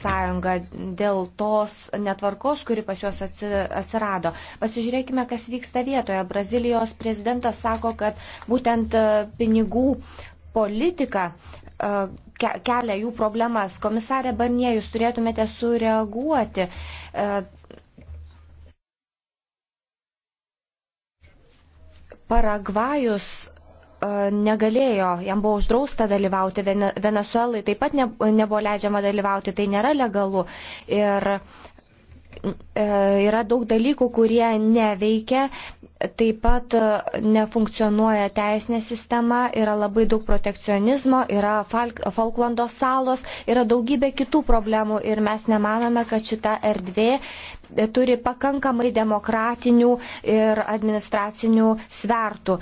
dėl tos netvarkos, kuri pas juos atsirado. Pasižiūrėkime, kas vyksta vietoje. Brazilijos prezidentas sako, kad būtent e, pinigų politika e, kelia jų problemas. Komisarė Barnie, jūs turėtumėte sureaguoti. E, Paragvajus e, negalėjo, jam buvo uždrausta dalyvauti, Venezuelai taip pat ne, nebuvo leidžiama dalyvauti, tai nėra legalu. Ir E, yra daug dalykų, kurie neveikia, taip pat e, nefunkcionuoja teisinė sistema, yra labai daug protekcionizmo, yra Falklando salos, yra daugybė kitų problemų ir mes nemanome, kad šita erdvė e, turi pakankamai demokratinių ir administracinių svertų.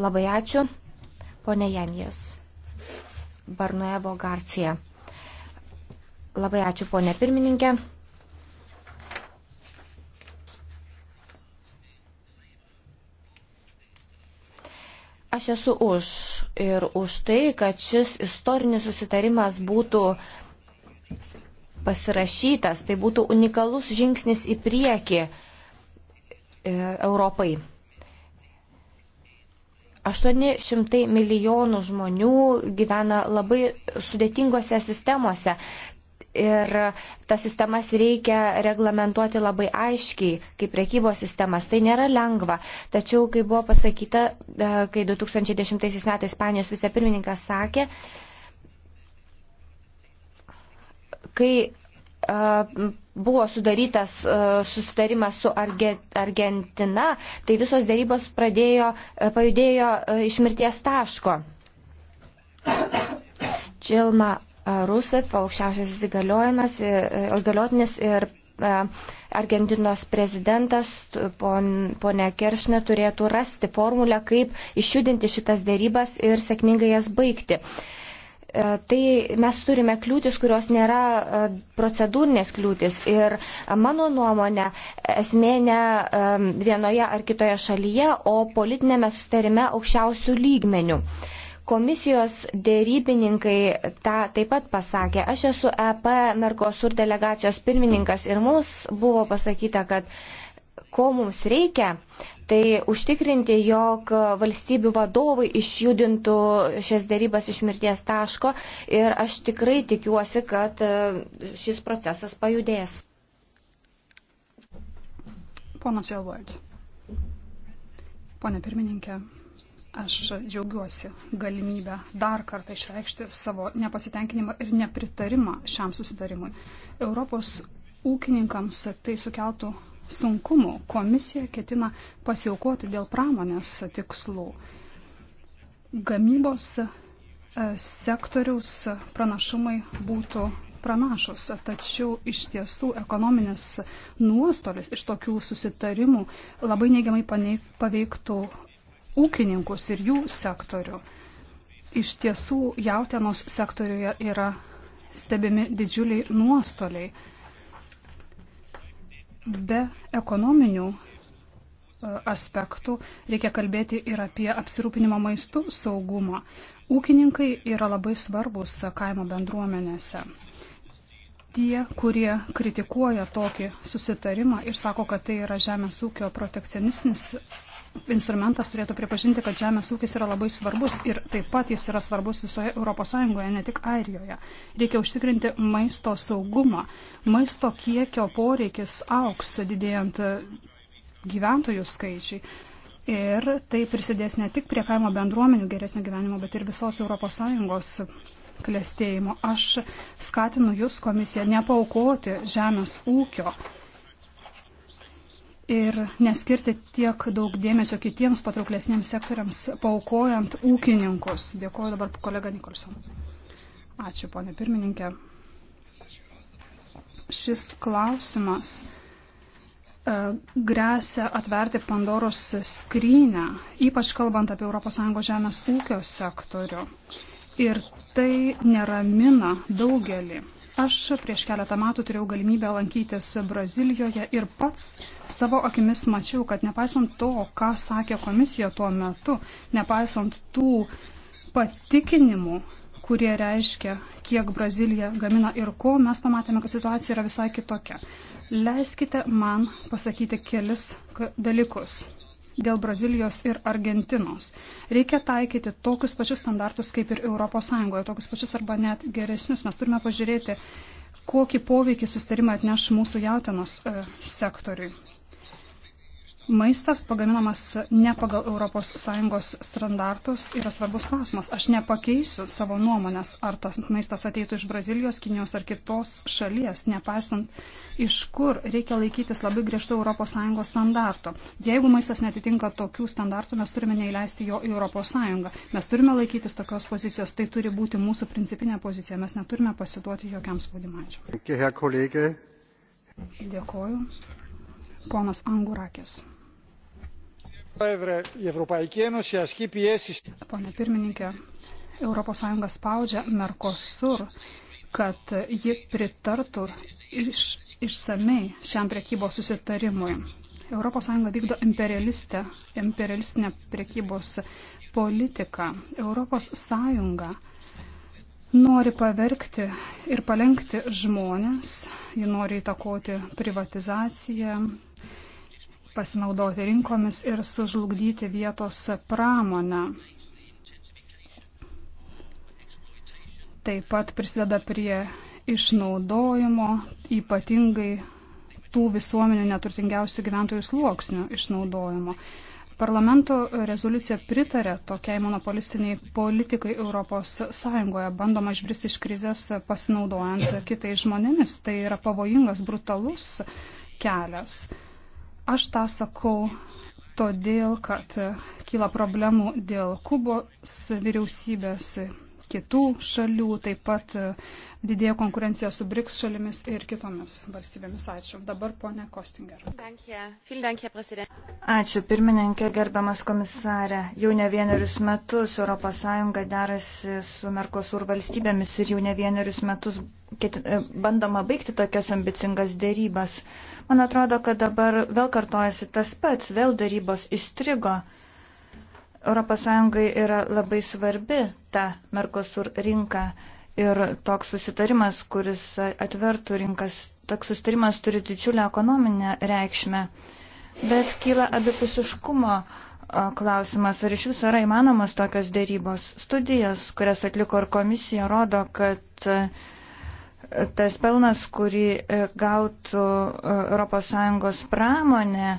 Labai ačiū, ponė Janijas. Barnuevo Garcija. Labai ačiū, ponė pirmininkė. Aš esu už ir už tai, kad šis istorinis susitarimas būtų pasirašytas, tai būtų unikalus žingsnis į priekį e, Europai. 800 milijonų žmonių gyvena labai sudėtingose sistemose. Ir tas sistemas reikia reglamentuoti labai aiškiai, kaip priekybos sistemas. Tai nėra lengva. Tačiau, kai buvo pasakyta, e, kai 2010 metais Ispanijos vicepirmininkas sakė, kai e, buvo sudarytas e, susitarimas su Argentina, tai visos dėrybos pradėjo, pajudėjo iš mirties taško. Čilma Rusev, aukščiausiasis e, e, įgaliotinis ir e, Argentinos prezidentas ponė Keršnė turėtų rasti formulę, kaip išjudinti šitas dėrybas ir sėkmingai jas baigti. Tai mes turime kliūtis, kurios nėra procedūrinės kliūtis. Ir mano nuomonė, esmė ne vienoje ar kitoje šalyje, o politinėme sustarime aukščiausių lygmenių Komisijos dėrybininkai tą taip pat pasakė. Aš esu EP Merkosur delegacijos pirmininkas ir mums buvo pasakyta, kad ko mums reikia, tai užtikrinti, jog valstybių vadovai išjudintų šias dėrybas iš mirties taško ir aš tikrai tikiuosi, kad e, šis procesas pajudės. Ponas Elvard. Pone pirmininkė, Aš džiaugiuosi galimybę dar kartą išreikšti savo nepasitenkinimą ir nepritarimą šiam susitarimui. Europos ūkininkams tai sukeltų sunkumų. Komisija ketina pasiaukoti dėl pramonės tikslų. Gamybos e, sektoriaus pranašumai būtų pranašus, tačiau iš tiesų ekonominis nuostolis iš tokių susitarimų labai neigiamai paveiktų ūkininkus ir jų sektorių. Iš tiesų jautienos sektoriuje yra stebimi didžiuliai nuostoliai. Be ekonominių e, aspektų reikia kalbėti ir apie apsirūpinimo maistų saugumą. Ūkininkai yra labai svarbus kaimo bendruomenėse. Tie, kurie kritikuoja tokį susitarimą ir sako, kad tai yra žemės ūkio protekcionistinis instrumentas turėtų pripažinti, kad žemės ūkis yra labai svarbus ir taip pat jis yra svarbus visoje ES, ne tik Airijoje. Reikia užtikrinti maisto saugumą. Maisto kiekio poreikis auks didėjant gyventojų skaičiai. Ir tai prisidės ne tik prie kaimo bendruomenių geresnio gyvenimo, bet ir visos ES klėstėjimo. Aš skatinu Jūs komisiją nepaukoti žemės ūkio ir neskirti tiek daug dėmesio kitiems patrauklesniems sektoriams, paukojant ūkininkus. Dėkuoju dabar kolega Nikolson. Ačiū, ponė pirmininkė. Šis klausimas e, grėsia atverti Pandoros skrynę, ypač kalbant apie ES žemės ūkio sektorių. Ir tai neramina daugelį Aš prieš keletą metų turėjau galimybę lankytis Brazilijoje ir pats savo akimis mačiau, kad nepaisant to, ką sakė komisija tuo metu, nepaisant tų patikinimų, kurie reiškia, kiek Brazilija gamina ir ko, mes pamatėme, kad situacija yra visai kitokia. Leiskite man pasakyti kelis dalykus dėl Brazilijos ir Argentinos. Reikia taikyti tokius pačius standartus kaip ir ES, tokius pačius arba net geresnius. Mes turime pažiūrėti, kokį poveikį sustarimą atneš mūsų jautinos e, sektoriui. Maistas pagaminamas ne pagal ES standartus yra svarbus klausimas. Aš nepakeisiu savo nuomonės, ar tas maistas ateitų iš Brazilijos, Kinijos ar kitos šalies, nepaisant iš kur reikia laikytis labai griežtų ES standartų. Jeigu maistas netitinka tokių standartų, mes turime neįleisti jo į ES. Mes turime laikytis tokios pozicijos, tai turi būti mūsų principinė pozicija, mes neturime pasiduoti jokiam spaudimaičiam. Dėkoju. Ponas Angurakis. Pone pirmininkė, ES spaudžia Mercosur, kad ji pritartų iš, išsamei šiam priekybos susitarimui. ES vykdo imperialistinę priekybos politiką. ES nori pavergti ir palengti žmonės, ji nori įtakoti privatizaciją, pasinaudoti rinkomis ir sužlugdyti vietos pramonę. Taip pat prisideda prie išnaudojimo, ypatingai tų visuomenių neturtingiausių gyventojų sluoksnių išnaudojimo. Parlamento rezoliucija pritarė tokiai monopolistiniai politikai ES. Bandoma išbristi iš krizės pasinaudojant kitais žmonėmis. Tai yra pavojingas, brutalus kelias. Aš tą sakau todėl, kad kyla problemų dėl Kubos vyriausybės kitų šalių, taip pat e, didėja konkurencija su BRICS šalimis ir kitomis valstybėmis. Ačiū. Dabar ponė Kostinger. Ačiū, pirmininkė, gerbiamas komisarė. Jau ne vienerius metus ES derasi su Merkosur valstybėmis ir jau ne vienerius metus e, bandoma baigti tokias ambicingas dėrybas. Man atrodo, kad dabar vėl kartojasi tas pats, vėl dėrybos įstrigo. ES yra labai svarbi ta Mercosur rinka ir toks susitarimas, kuris atvertų rinkas, toks susitarimas turi didžiulę ekonominę reikšmę. Bet kyla abipusiškumo klausimas, ar iš viso yra įmanomas tokios dėrybos. Studijas, kurias atliko ir komisija, rodo, kad tas pelnas, kurį e, gautų ES pramonė,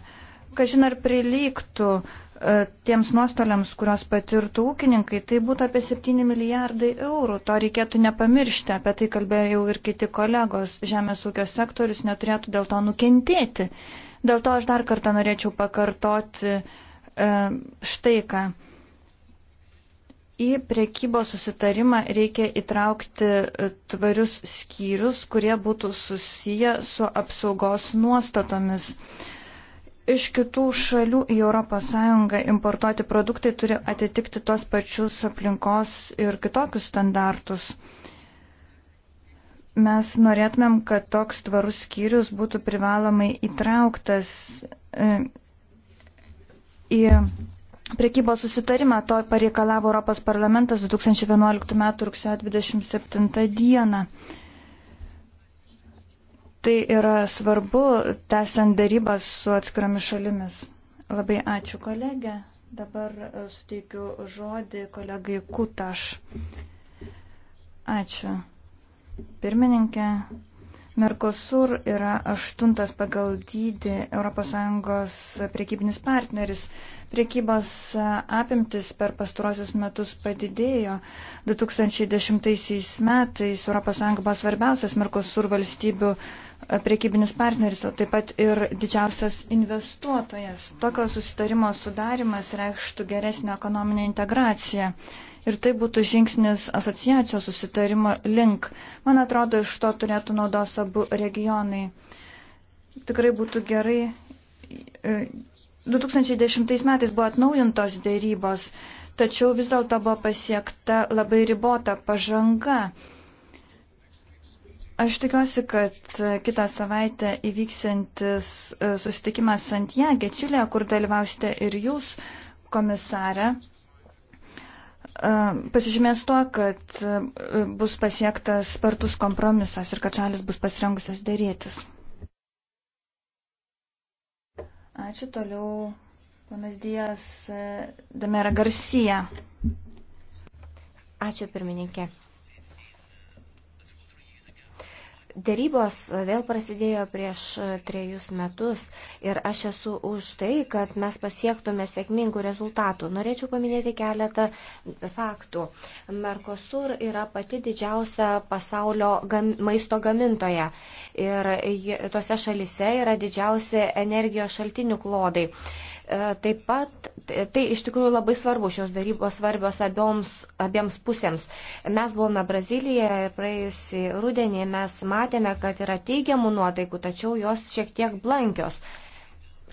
kažin ar prilygtų uh, E, tiems nuostoliams, kurios patirtų ūkininkai, tai būtų apie 7 milijardai eurų. To reikėtų nepamiršti, apie tai kalbėjo ir kiti kolegos. Žemės ūkio sektorius neturėtų dėl to nukentėti. Dėl to aš dar kartą norėčiau pakartoti e, štai ką. Į priekybos susitarimą reikia įtraukti e, tvarius skyrius, kurie būtų susiję su apsaugos nuostatomis. Uh, iš kitų šalių į ES importuoti produktai turi atitikti tos pačius aplinkos ir kitokius standartus. Mes norėtumėm, kad toks tvarus skyrius būtų privalomai įtrauktas e, į prekybos susitarimą. To pareikalavo Europos parlamentas 2011 m. rugsėjo 27 d. Tai yra svarbu, tęsiant darybas su atskiromis šalimis. Labai ačiū kolegė. Dabar e, suteikiu žodį kolegai Kutaš. Ačiū. Pirmininkė, Mercosur yra aštuntas pagal dydį ES priekybinis partneris. Priekybos apimtis per pastarosius metus padidėjo. 2010 metais ES buvo svarbiausias Merkosur valstybių e, priekybinis partneris, o taip pat ir didžiausias investuotojas. Tokio susitarimo sudarimas reikštų geresnę ekonominę integraciją. Ir tai būtų žingsnis asociacijos susitarimo link. Man atrodo, iš to turėtų naudos abu regionai. Tikrai būtų gerai e, 2010 metais buvo atnaujintos dėrybos, tačiau vis dėlto buvo pasiekta labai ribota pažanga. Aš tikiuosi, kad kitą savaitę įvyksiantis e, susitikimas Santiagė, Čilė, kur dalyvausite ir jūs, komisarė, e, pasižymės tuo, kad e, bus pasiektas spartus kompromisas ir kad šalis bus pasirengusios dėrėtis. Ačiū toliau, panas Dijas e, Damera Garcija. Ačiū pirmininkė. Dėrybos e, vėl prasidėjo prieš e, trejus metus ir aš esu už tai, kad mes pasiektume sėkmingų rezultatų. Norėčiau paminėti keletą faktų. Mercosur yra pati didžiausia pasaulio gam, maisto gamintoja ir tose šalise yra didžiausi energijos šaltinių klodai. E, taip pat tai iš tikrųjų labai svarbu, šios darybos svarbios abioms, abiems pusėms. Mes buvome Brazilyje ir praėjusį rudenį mes matėme, kad yra teigiamų nuotaikų, tačiau jos šiek tiek blankios.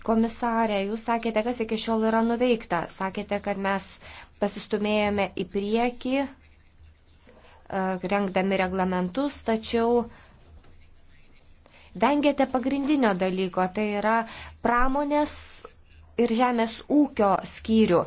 Komisarė, jūs sakėte, kas iki šiol yra nuveikta. Sakėte, kad mes pasistumėjome į priekį, e, rengdami reglamentus, tačiau vengiate pagrindinio dalyko, tai yra pramonės ir žemės ūkio skyrių.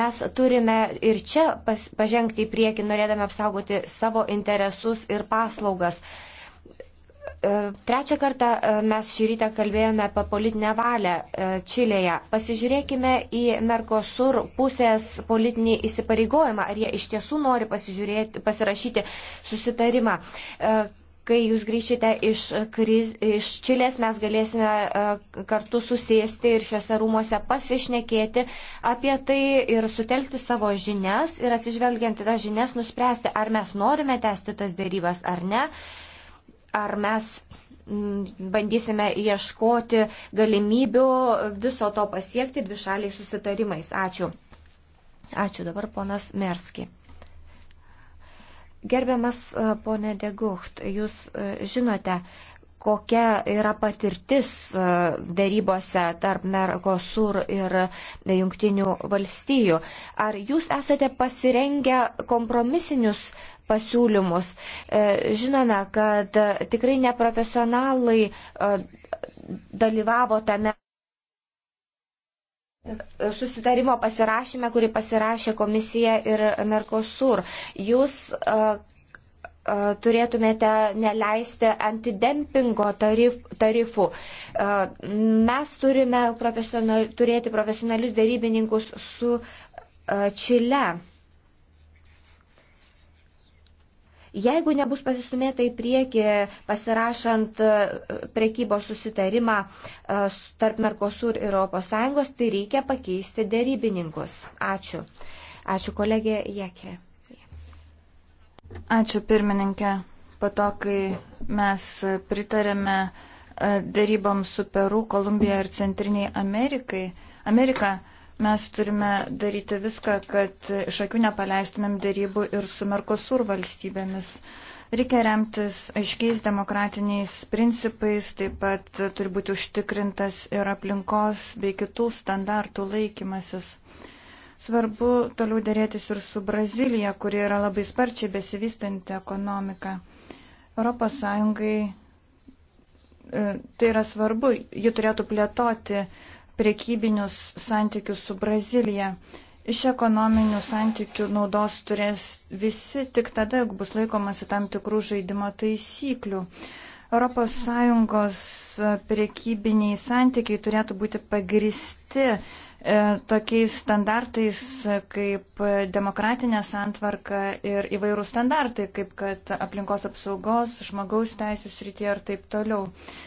Mes turime ir čia pas, pažengti į priekį, norėdami apsaugoti savo interesus ir paslaugas. E, trečią kartą e, mes šį rytą kalbėjome apie politinę valią e, Čilėje. Pasižiūrėkime į Merkosur pusės politinį įsipareigojimą, ar jie iš tiesų nori pasirašyti susitarimą kai jūs grįšite iš, kriz, iš Čilės, mes galėsime e, kartu susėsti ir šiuose rūmose pasišnekėti apie tai ir sutelkti savo žinias ir atsižvelgiant į tas žinias nuspręsti, ar mes norime tęsti tas dėrybas ar ne, ar mes mm, bandysime ieškoti galimybių viso to pasiekti dvišaliai susitarimais. Ačiū. Ačiū dabar ponas Merski. Gerbiamas e, ponė Degucht, jūs e, žinote, kokia yra patirtis e, dėrybose tarp Mercosur ir jungtinių valstijų. Ar jūs esate pasirengę kompromisinius pasiūlymus? Žinome, kad tikrai neprofesionalai dalyvavo tame susitarimo pasirašyme, kurį pasirašė komisija ir Mercosur. Jūs uh, turėtumėte neleisti antidempingo tarif, tarifų. Mes turime profesional, turėti profesionalius darybininkus su Čile. Jeigu nebus pasistumėta į priekį pasirašant e, prekybos susitarimą e, tarp Merkosur ir ES, tai reikia pakeisti dėrybininkus. Ačiū. Ačiū kolegė Jekė. Ačiū pirmininkė. Po to, kai mes pritarėme e, dėryboms su Peru, Kolumbija ir Centriniai Amerikai, Amerika, Mes turime daryti viską, kad iš akių nepaleistumėm dėrybų ir su Merkosur valstybėmis. Reikia remtis aiškiais demokratiniais principais, taip pat turi būti užtikrintas ir aplinkos bei kitų standartų laikymasis. Svarbu toliau dėrėtis ir su Brazilija, kuri yra labai sparčiai besivystanti ekonomika. ES e, tai yra svarbu, ji turėtų plėtoti prekybinius santykius su Brazilija. Iš ekonominių santykių naudos turės visi tik tada, jeigu bus laikomasi tam tikrų žaidimo taisyklių. ES priekybiniai santykiai turėtų būti pagristi e, tokiais standartais kaip demokratinė santvarka ir įvairūs standartai, kaip kad aplinkos apsaugos, žmogaus teisės rytyje ir taip toliau. E,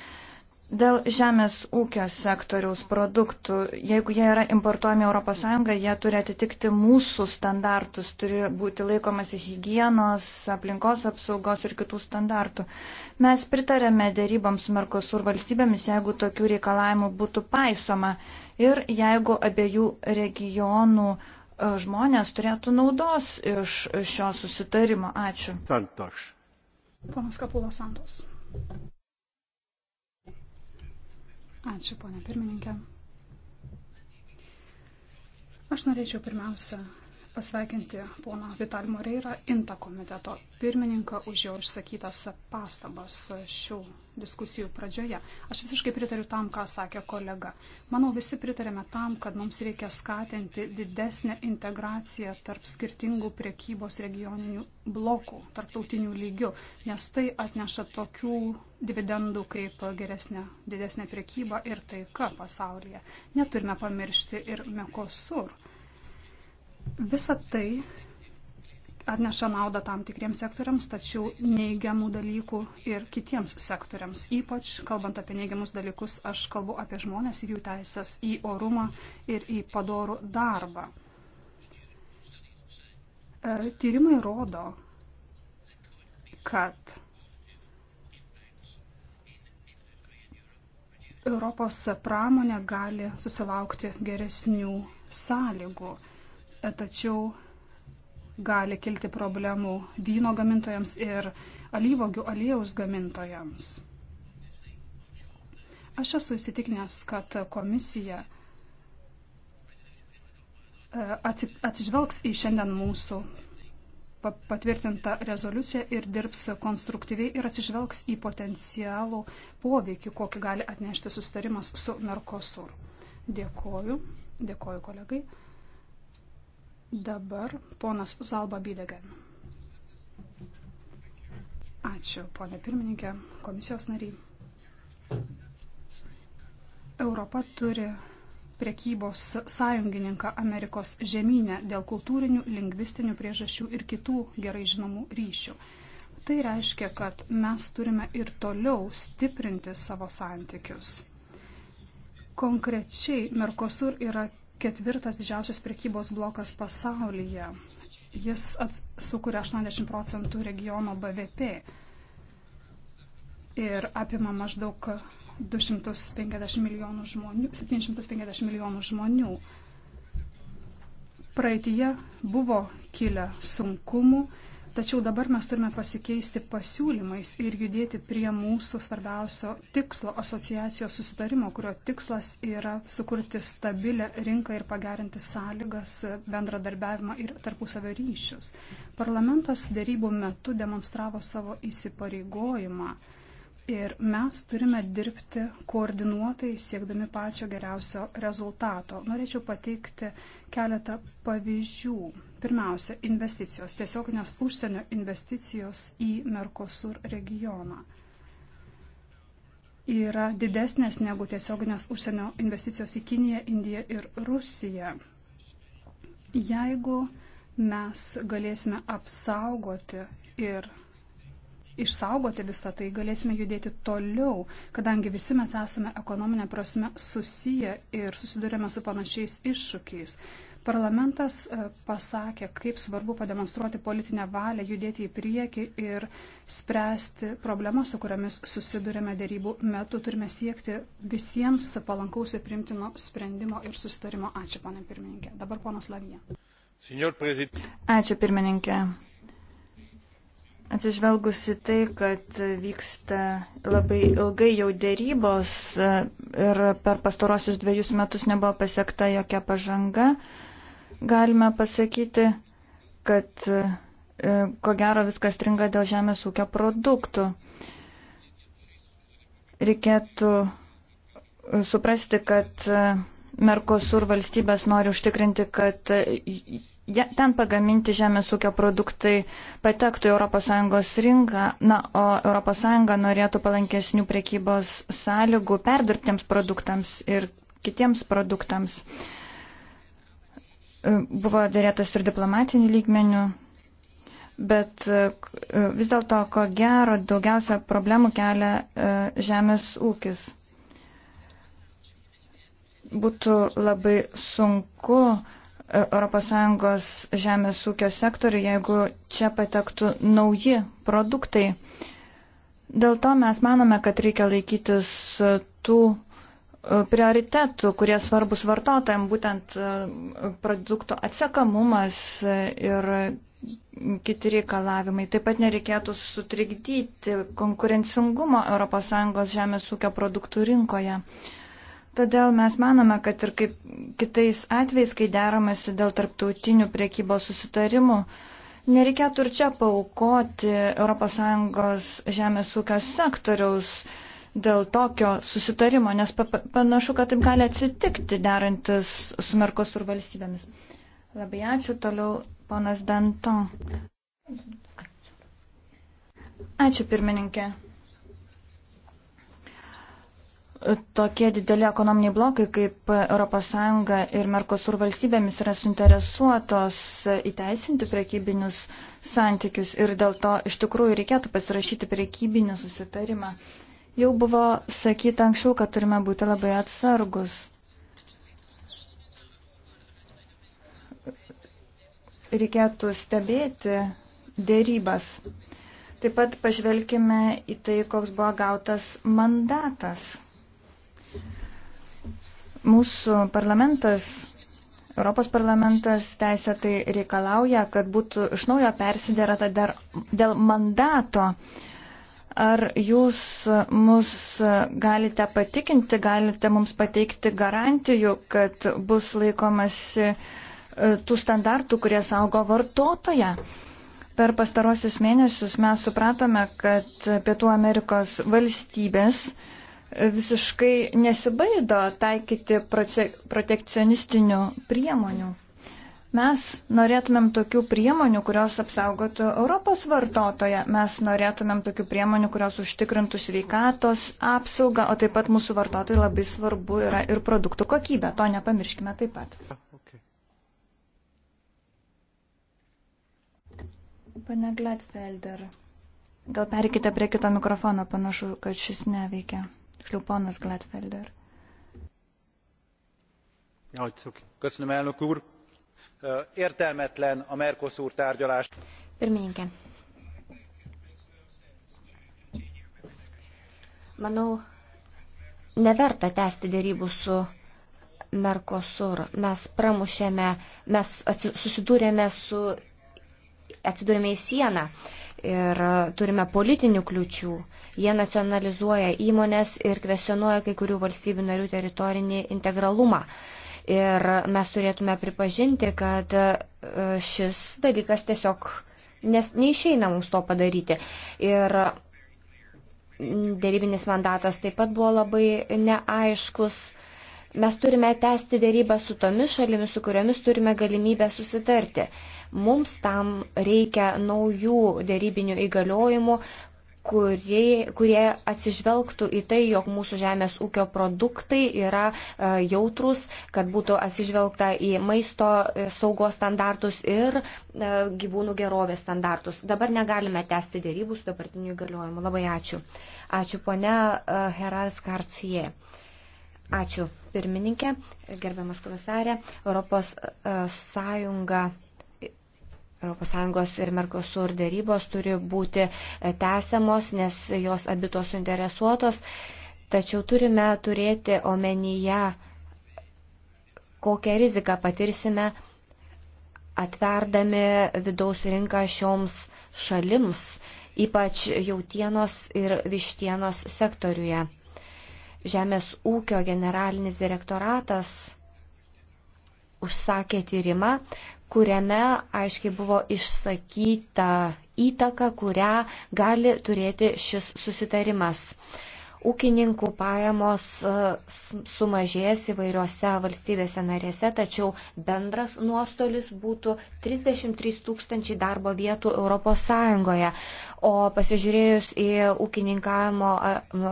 Dėl žemės ūkio sektoriaus produktų, jeigu jie yra importuojami ES, jie turi atitikti mūsų standartus, turi būti laikomasi hygienos, aplinkos apsaugos ir kitų standartų. Mes pritarėme dėryboms su Merkosur valstybėmis, jeigu tokių reikalavimų būtų paisoma ir jeigu abiejų regionų e, žmonės turėtų naudos iš šio susitarimo. Ačiū. Santoš. Ponas Kapulas Santos. Ačiū, ponia pirmininkė. Aš norėčiau pirmiausia pasveikinti poną Vital Moreirą, INTA komiteto pirmininką, už jo išsakytas pastabas šių diskusijų pradžioje. Aš visiškai pritariu tam, ką sakė kolega. Manau, visi pritarėme tam, kad mums reikia skatinti didesnę integraciją tarp skirtingų priekybos regioninių blokų, tarptautinių lygių, nes tai atneša tokių dividendų kaip geresnė, didesnė priekyba ir taika pasaulyje. Neturime pamiršti ir Mekosur. Visa tai atneša naudą tam tikriems sektoriams, tačiau neigiamų dalykų ir kitiems sektoriams. Ypač kalbant apie neigiamus dalykus, aš kalbu apie žmonės ir jų teisės į orumą ir į padorų darbą. E, tyrimai rodo, kad Europos pramonė gali susilaukti geresnių sąlygų tačiau gali kilti problemų vyno gamintojams ir alyvogių aliejaus gamintojams. Aš esu įsitikinęs, kad komisija e, atsižvelgs į šiandien mūsų patvirtinta rezoliucija ir dirbs konstruktyviai ir atsižvelgs į potencialų poveikį, kokį gali atnešti sustarimas su Mercosur. Dėkoju, dėkoju kolegai. Dabar ponas Zalba Bidegan. Ačiū, ponė pirmininkė, komisijos nariai. Europa turi priekybos sąjungininką Amerikos žemynę dėl kultūrinių, lingvistinių priežasčių ir kitų gerai žinomų ryšių. Tai reiškia, kad mes turime ir toliau stiprinti savo santykius. Konkrečiai Mercosur yra ketvirtas didžiausias prekybos blokas pasaulyje. Jis sukuria 80 procentų regiono BVP ir apima maždaug 250 milijonų žmonių, 750 milijonų žmonių. Praeitie buvo kilę sunkumų, Tačiau dabar mes turime pasikeisti pasiūlymais ir judėti prie mūsų svarbiausio tikslo - asociacijos susitarimo, kurio tikslas yra sukurti stabilę rinką ir pagerinti sąlygas, bendradarbiavimą ir tarpusavio ryšius. Parlamentas dėrybų metu demonstravo savo įsipareigojimą Ir mes turime dirbti koordinuotai, siekdami pačio geriausio rezultato. Norėčiau pateikti keletą pavyzdžių. Pirmiausia, investicijos, tiesioginės užsienio investicijos į Merkosur regioną yra didesnės negu tiesioginės užsienio investicijos į Kiniją, Indiją ir Rusiją. Jeigu mes galėsime apsaugoti ir išsaugoti visą tai, galėsime judėti toliau, kadangi visi mes esame ekonominė prasme susiję ir susidurėme su panašiais iššūkiais. Parlamentas e, pasakė, kaip svarbu pademonstruoti politinę valią, judėti į priekį ir spręsti problemas, su kuriamis susidurėme dėrybų metu. Turime siekti visiems palankaus ir primtino sprendimo ir susitarimo. Ačiū, ponė pirmininkė. Dabar ponas Lavija. Ačiū, pirmininkė. Atsižvelgusi tai, kad vyksta labai ilgai jau dėrybos e, ir per pastarosius dviejus metus nebuvo pasiekta jokia pažanga, galime pasakyti, kad e, ko gero viskas stringa dėl žemės ūkio produktų. Reikėtų e, suprasti, kad Merkosur valstybės nori užtikrinti, kad ja, ten pagaminti žemės ūkio produktai patektų į ES rinką, na, o ES norėtų palankesnių priekybos sąlygų perdirbtiems produktams ir kitiems produktams. E, buvo dėrėtas ir diplomatinių lygmenių, bet e, vis dėlto, ko gero, daugiausia problemų kelia e, žemės ūkis. Būtų labai sunku uh, ES žemės ūkio sektorių, jeigu čia patektų nauji produktai. Dėl to mes manome, kad reikia laikytis tų e, prioritetų, kurie svarbus vartotojams, būtent e, produktų atsekamumas e, ir kiti reikalavimai. Taip pat nereikėtų sutrikdyti konkurencingumo ES žemės ūkio produktų rinkoje. Uh, Todėl mes manome, kad ir kaip kitais atvejais, kai deramasi dėl tarptautinių priekybos susitarimų, nereikėtų ir čia paukoti ES žemės ūkio sektoriaus dėl tokio susitarimo, nes pa panašu, kad taip gali atsitikti derantis su Merkosur valstybėmis. Labai ačiū, toliau ponas Danton. Ačiū pirmininkė tokie dideli ekonominiai blokai kaip ES ir Merkosur valstybėmis yra suinteresuotos įteisinti prekybinius santykius ir dėl to iš tikrųjų reikėtų pasirašyti prekybinį susitarimą. Jau buvo sakyta anksčiau, kad turime būti labai atsargus. Reikėtų stebėti dėrybas. Taip pat pažvelkime į tai, koks buvo gautas mandatas Mūsų parlamentas, Europos parlamentas teisė tai reikalauja, kad būtų iš naujo persiderata dar dėl mandato. Ar jūs mus galite patikinti, galite mums pateikti garantijų, kad bus laikomasi e, tų standartų, kurie saugo vartotoje? Per pastarosius mėnesius mes supratome, kad Pietų Amerikos valstybės uh, visiškai nesibaido taikyti protekcionistinių priemonių. Mes norėtumėm tokių priemonių, kurios apsaugotų Europos vartotoje. Mes norėtumėm tokių priemonių, kurios užtikrintų sveikatos apsaugą, o taip pat mūsų vartotojai labai svarbu yra ir produktų kokybė. To nepamirškime taip pat. Ah, Pane Gladfelder, gal perikite prie kito mikrofono, panašu, kad šis neveikia tiksliau ponas Gladfelder. Köszönöm, elnök úr. Értelmetlen a Mercosur tárgyalás. Pirmininkė. Manau, neverta tęsti dėrybų su Mercosur. Mes pramušėme, mes susidūrėme su, atsidūrėme į sieną. Uh, ir e, turime politinių kliučių. Jie nacionalizuoja įmonės ir kvesionuoja kai kurių valstybių narių teritorinį integralumą. Ir mes turėtume pripažinti, kad e, šis dalykas tiesiog nes, neišeina mums to padaryti. Ir mm, dėrybinis mandatas taip pat buvo labai neaiškus. Mes turime tęsti dėrybą su tomis šalimis, su kuriomis turime galimybę susitarti. Mums tam reikia naujų dėrybinių įgaliojimų, kurie, kurie atsižvelgtų į tai, jog mūsų žemės ūkio produktai yra e, jautrus, kad būtų atsižvelgta į maisto e, saugos standartus ir e, gyvūnų gerovės standartus. Dabar negalime tęsti dėrybų su dabartiniu įgaliojimu. Labai ačiū. Ačiū ponia e, Heras Karcije. Ačiū pirmininkė, gerbiamas komisarė, Europos e, Sąjunga ES ir Mercosur dėrybos turi būti e, tęsiamos, nes jos abitos suinteresuotos. Tačiau turime turėti omenyje, kokią riziką patirsime atverdami vidaus rinką šioms šalims, ypač jautienos ir vištienos sektoriuje. Žemės ūkio generalinis direktoratas užsakė tyrimą, kuriame aiškiai buvo išsakyta įtaka, kurią gali turėti šis susitarimas ūkininkų pajamos e, sumažės įvairiose valstybėse narėse, tačiau bendras nuostolis būtų 33 tūkstančiai darbo vietų ES. O pasižiūrėjus į ūkininkavimo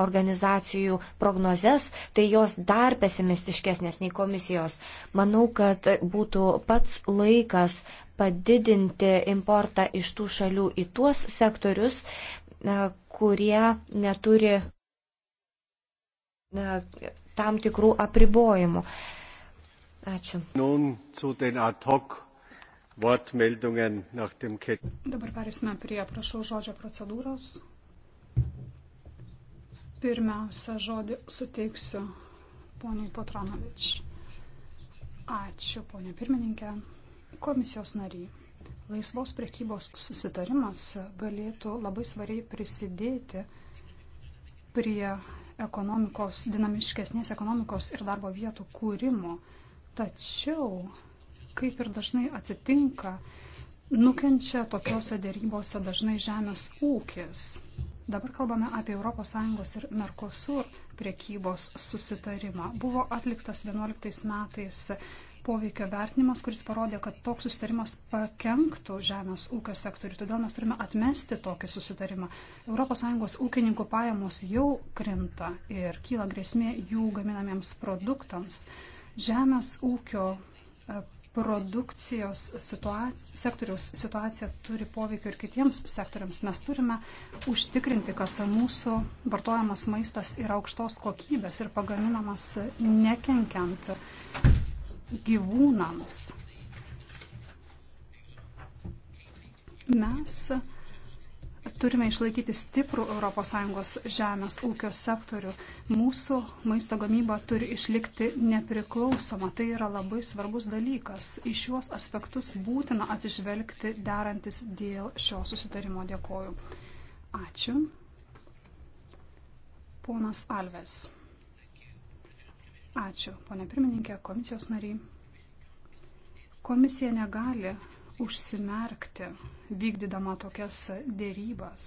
organizacijų prognozes, tai jos dar pesimistiškesnės nei komisijos. Manau, kad būtų pats laikas padidinti importą iš tų šalių į tuos sektorius, e, kurie neturi E, tam tikrų apribojimų. Ačiū. Dabar perėsime prie, prašau, žodžio procedūros. Pirmiausia, žodį suteiksiu poniai Patronovič. Ačiū, ponė pirmininkė. Komisijos nariai. Laisvos prekybos susitarimas galėtų labai svariai prisidėti prie ekonomikos, dinamiškesnės ekonomikos ir darbo vietų kūrimo. Tačiau, kaip ir dažnai atsitinka, nukenčia tokiuose dėrybose dažnai žemės ūkis. Dabar kalbame apie ES ir Mercosur priekybos susitarimą. Buvo atliktas 11 metais poveikio vertinimas, kuris parodė, kad toks susitarimas pakenktų žemės ūkio sektoriui. Todėl mes turime atmesti tokį susitarimą. ES ūkininkų pajamos jau krinta ir kyla grėsmė jų gaminamiems produktams. Žemės ūkio e, produkcijos situac... sektoriaus situacija turi poveikio ir kitiems sektoriams. Mes turime užtikrinti, kad mūsų vartojamas maistas yra aukštos kokybės ir pagaminamas nekenkiant gyvūnams. Mes turime išlaikyti stiprų ES žemės ūkio sektorių. Mūsų maisto gamyba turi išlikti nepriklausoma. Tai yra labai svarbus dalykas. Į šiuos aspektus būtina atsižvelgti derantis dėl šio susitarimo. Dėkoju. Ačiū. Ponas Alves. Ačiū, ponė pirmininkė, komisijos nariai. Komisija negali užsimerkti, vykdydama tokias dėrybas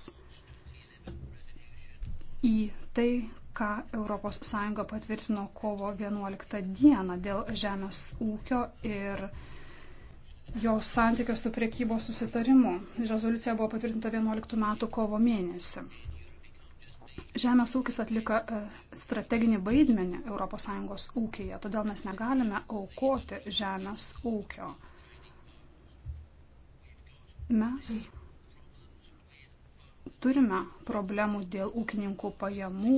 į tai, ką ES patvirtino kovo 11 dieną dėl žemės ūkio ir jos santykio su priekybos susitarimu. Rezoliucija buvo patvirtinta 11 metų kovo mėnesį. Žemės ūkis atlika e, strateginį vaidmenį ES ūkėje, todėl mes negalime aukoti žemės ūkio. Mes turime problemų dėl ūkininkų pajamų,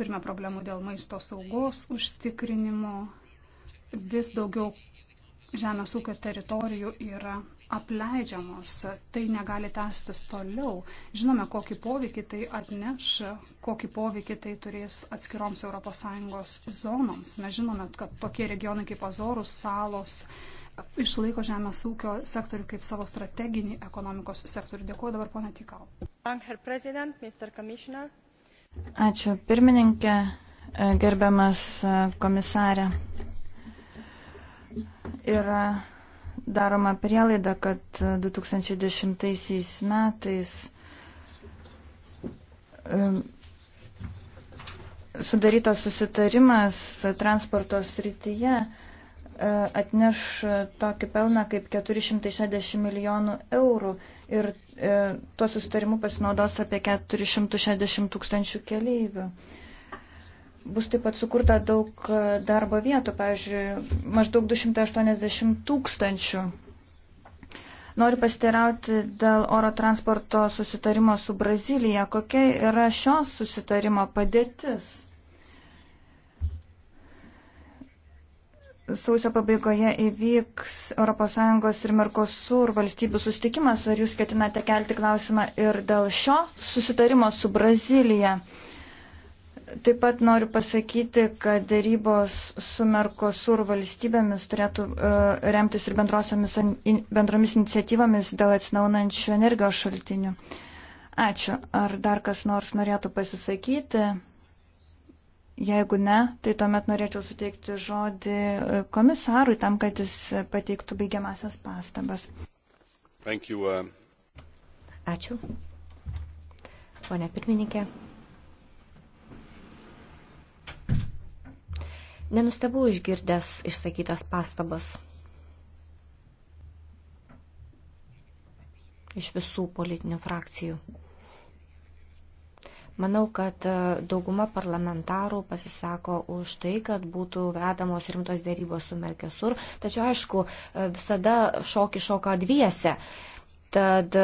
turime problemų dėl maisto saugos užtikrinimo, vis daugiau žemės ūkio teritorijų yra apleidžiamos, tai negali tęstis toliau. Žinome, kokį poveikį tai atneš, kokį poveikį tai turės atskiroms ES zonoms. Mes žinome, kad tokie regionai kaip Azorus, salos išlaiko žemės ūkio sektorių kaip savo strateginį ekonomikos sektorių. Dėkuoju dabar, ponė Tikau. Ačiū, pirmininkė, gerbiamas komisarė. Yra daroma prielaida, kad 2010 metais sudarytas susitarimas transporto srityje e, atneš tokį pelną kaip 460 milijonų eurų ir e, tuo susitarimu pasinaudos apie 460 tūkstančių keleivių bus taip pat sukurta daug e, darbo vietų, pavyzdžiui, maždaug 280 tūkstančių. Noriu pasiteirauti dėl oro transporto susitarimo su Brazilija. Kokia yra šios susitarimo padėtis? Sausio pabaigoje įvyks ES ir Mercosur valstybių sustikimas. Ar jūs ketinate kelti klausimą ir dėl šio susitarimo su Brazilija? Taip pat noriu pasakyti, kad dėrybos su Merkosur valstybėmis turėtų e, remtis ir bendromis iniciatyvomis dėl atsinaunančių energijos šaltinių. Ačiū. Ar dar kas nors norėtų pasisakyti? Jeigu ne, tai tuomet norėčiau suteikti žodį e, komisarui tam, kad jis pateiktų baigiamasias pastabas. Thank you, uh... Ačiū. Pone pirmininkė. Nenustebu išgirdęs išsakytas pastabas iš visų politinių frakcijų. Manau, kad e, dauguma parlamentarų pasisako už tai, kad būtų vedamos rimtos dėrybos su Merkesur, tačiau aišku, e, visada šokį šoka dviese. Tad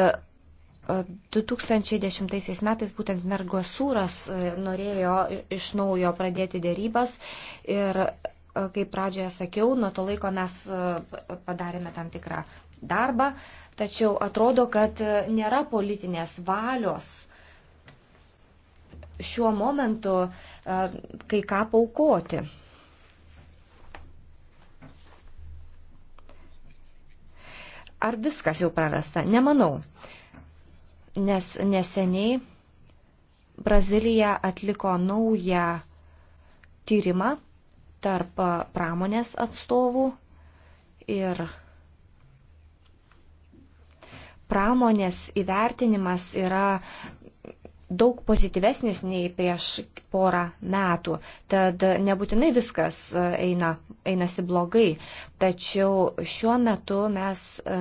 2010 e, metais būtent Mergosūras e, norėjo iš naujo pradėti dėrybas ir, e, kaip pradžioje sakiau, nuo to laiko mes padarėme tam tikrą darbą, tačiau atrodo, kad nėra politinės valios šiuo momentu kai ką paukoti. Ar viskas jau prarasta? Nemanau. Uh, nes neseniai Brazilija atliko naują tyrimą tarp pramonės atstovų ir pramonės įvertinimas yra daug pozityvesnis nei prieš porą metų. Tad nebūtinai viskas e, eina, einasi blogai, tačiau šiuo metu mes e,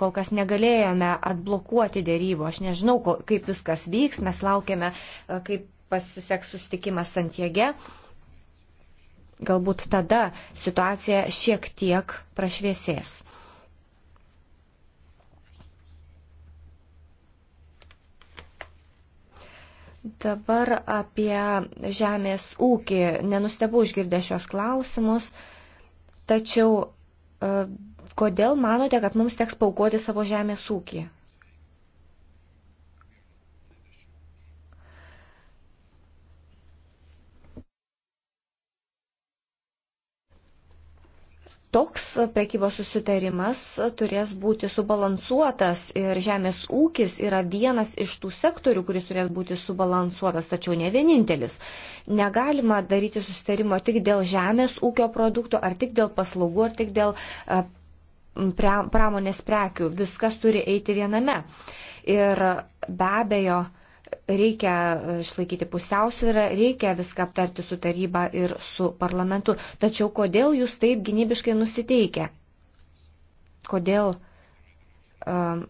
kol kas negalėjome atblokuoti dėrybų. Aš nežinau, kaip viskas vyks, mes laukiame, e, kaip pasiseks susitikimas Santiege. Galbūt tada situacija šiek tiek prašviesės. Dabar apie žemės ūkį. Nenustebu išgirdę šios klausimus, tačiau e, Kodėl manote, kad mums teks paukoti savo žemės ūkį? toks prekybos susitarimas turės būti subalansuotas ir žemės ūkis yra vienas iš tų sektorių, kuris turės būti subalansuotas, tačiau ne vienintelis. Negalima daryti susitarimo tik dėl žemės ūkio produktų, ar tik dėl paslaugų, ar tik dėl e, pramonės prekių. Viskas turi eiti viename. Ir be abejo, reikia išlaikyti pusiausvyrą, reikia viską aptarti su taryba ir su parlamentu. Tačiau kodėl jūs taip gynybiškai nusiteikia? Kodėl um,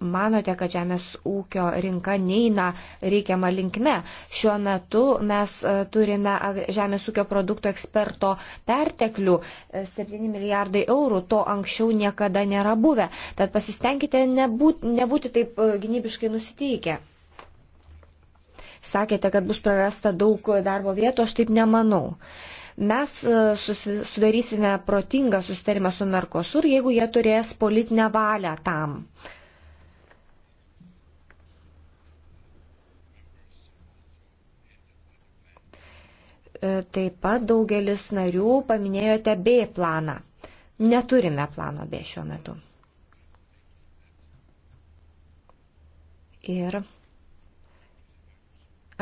manote, kad žemės ūkio rinka neina reikiamą linkme. Šiuo metu mes e, turime žemės ūkio produktų eksperto perteklių 7 e, milijardai eurų, to anksčiau niekada nėra buvę. Tad pasistengkite nebūti, nebūti taip e, gynybiškai nusiteikę. Sakėte, kad bus prarasta daug darbo vietų, aš taip nemanau mes sudarysime protingą susitarimą su Merkosur, jeigu jie turės politinę valią tam. E, taip pat daugelis narių paminėjote B planą. Neturime plano B šiuo metu. Ir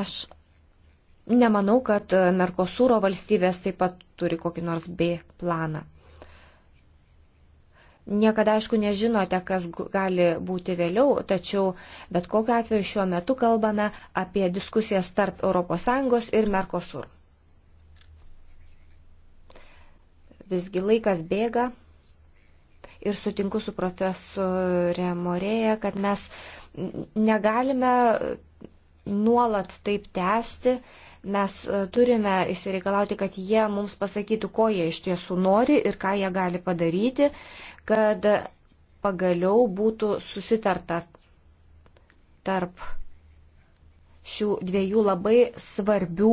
aš nemanau, kad Merkosūro valstybės taip pat turi kokį nors B planą. Niekada, aišku, nežinote, kas gali būti vėliau, tačiau bet kokiu atveju šiuo metu kalbame apie diskusijas tarp ES ir Merkosur. Visgi laikas bėga ir sutinku su profesorė Morėja, kad mes negalime nuolat taip tęsti, mes e, turime įsireikalauti, kad jie mums pasakytų, ko jie iš tiesų nori ir ką jie gali padaryti, kad pagaliau būtų susitarta tarp šių dviejų labai svarbių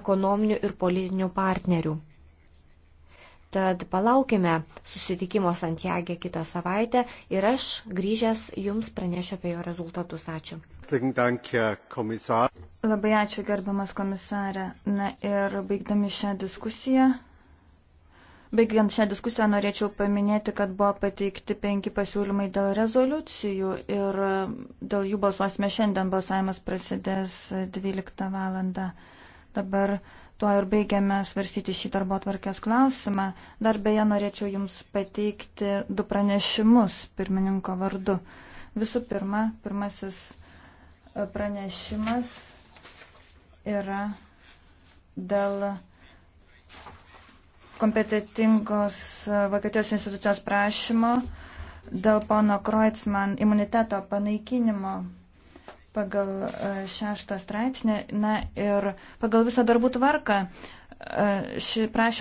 ekonominių ir politinių partnerių. Tad palaukime susitikimo Santiagė kitą savaitę ir aš grįžęs jums pranešiu apie jo rezultatus. Ačiū. Labai ačiū, gerbamas komisarė. Na ir baigdami šią diskusiją. Baigiant šią diskusiją norėčiau paminėti, kad buvo pateikti penki pasiūlymai dėl rezoliucijų ir dėl jų balsuosime šiandien. Balsavimas prasidės 12 val. Dabar Tuo ir baigiame svarstyti šį darbo tvarkės klausimą. Dar beje norėčiau Jums pateikti du pranešimus pirmininko vardu. Visų pirma, pirmasis e, pranešimas yra dėl kompetitingos e, Vokietijos institucijos prašymo dėl pono Kreutzmann imuniteto panaikinimo pagal e, šeštą straipsnį, na ir pagal visą darbų tvarką e, šį prašymą.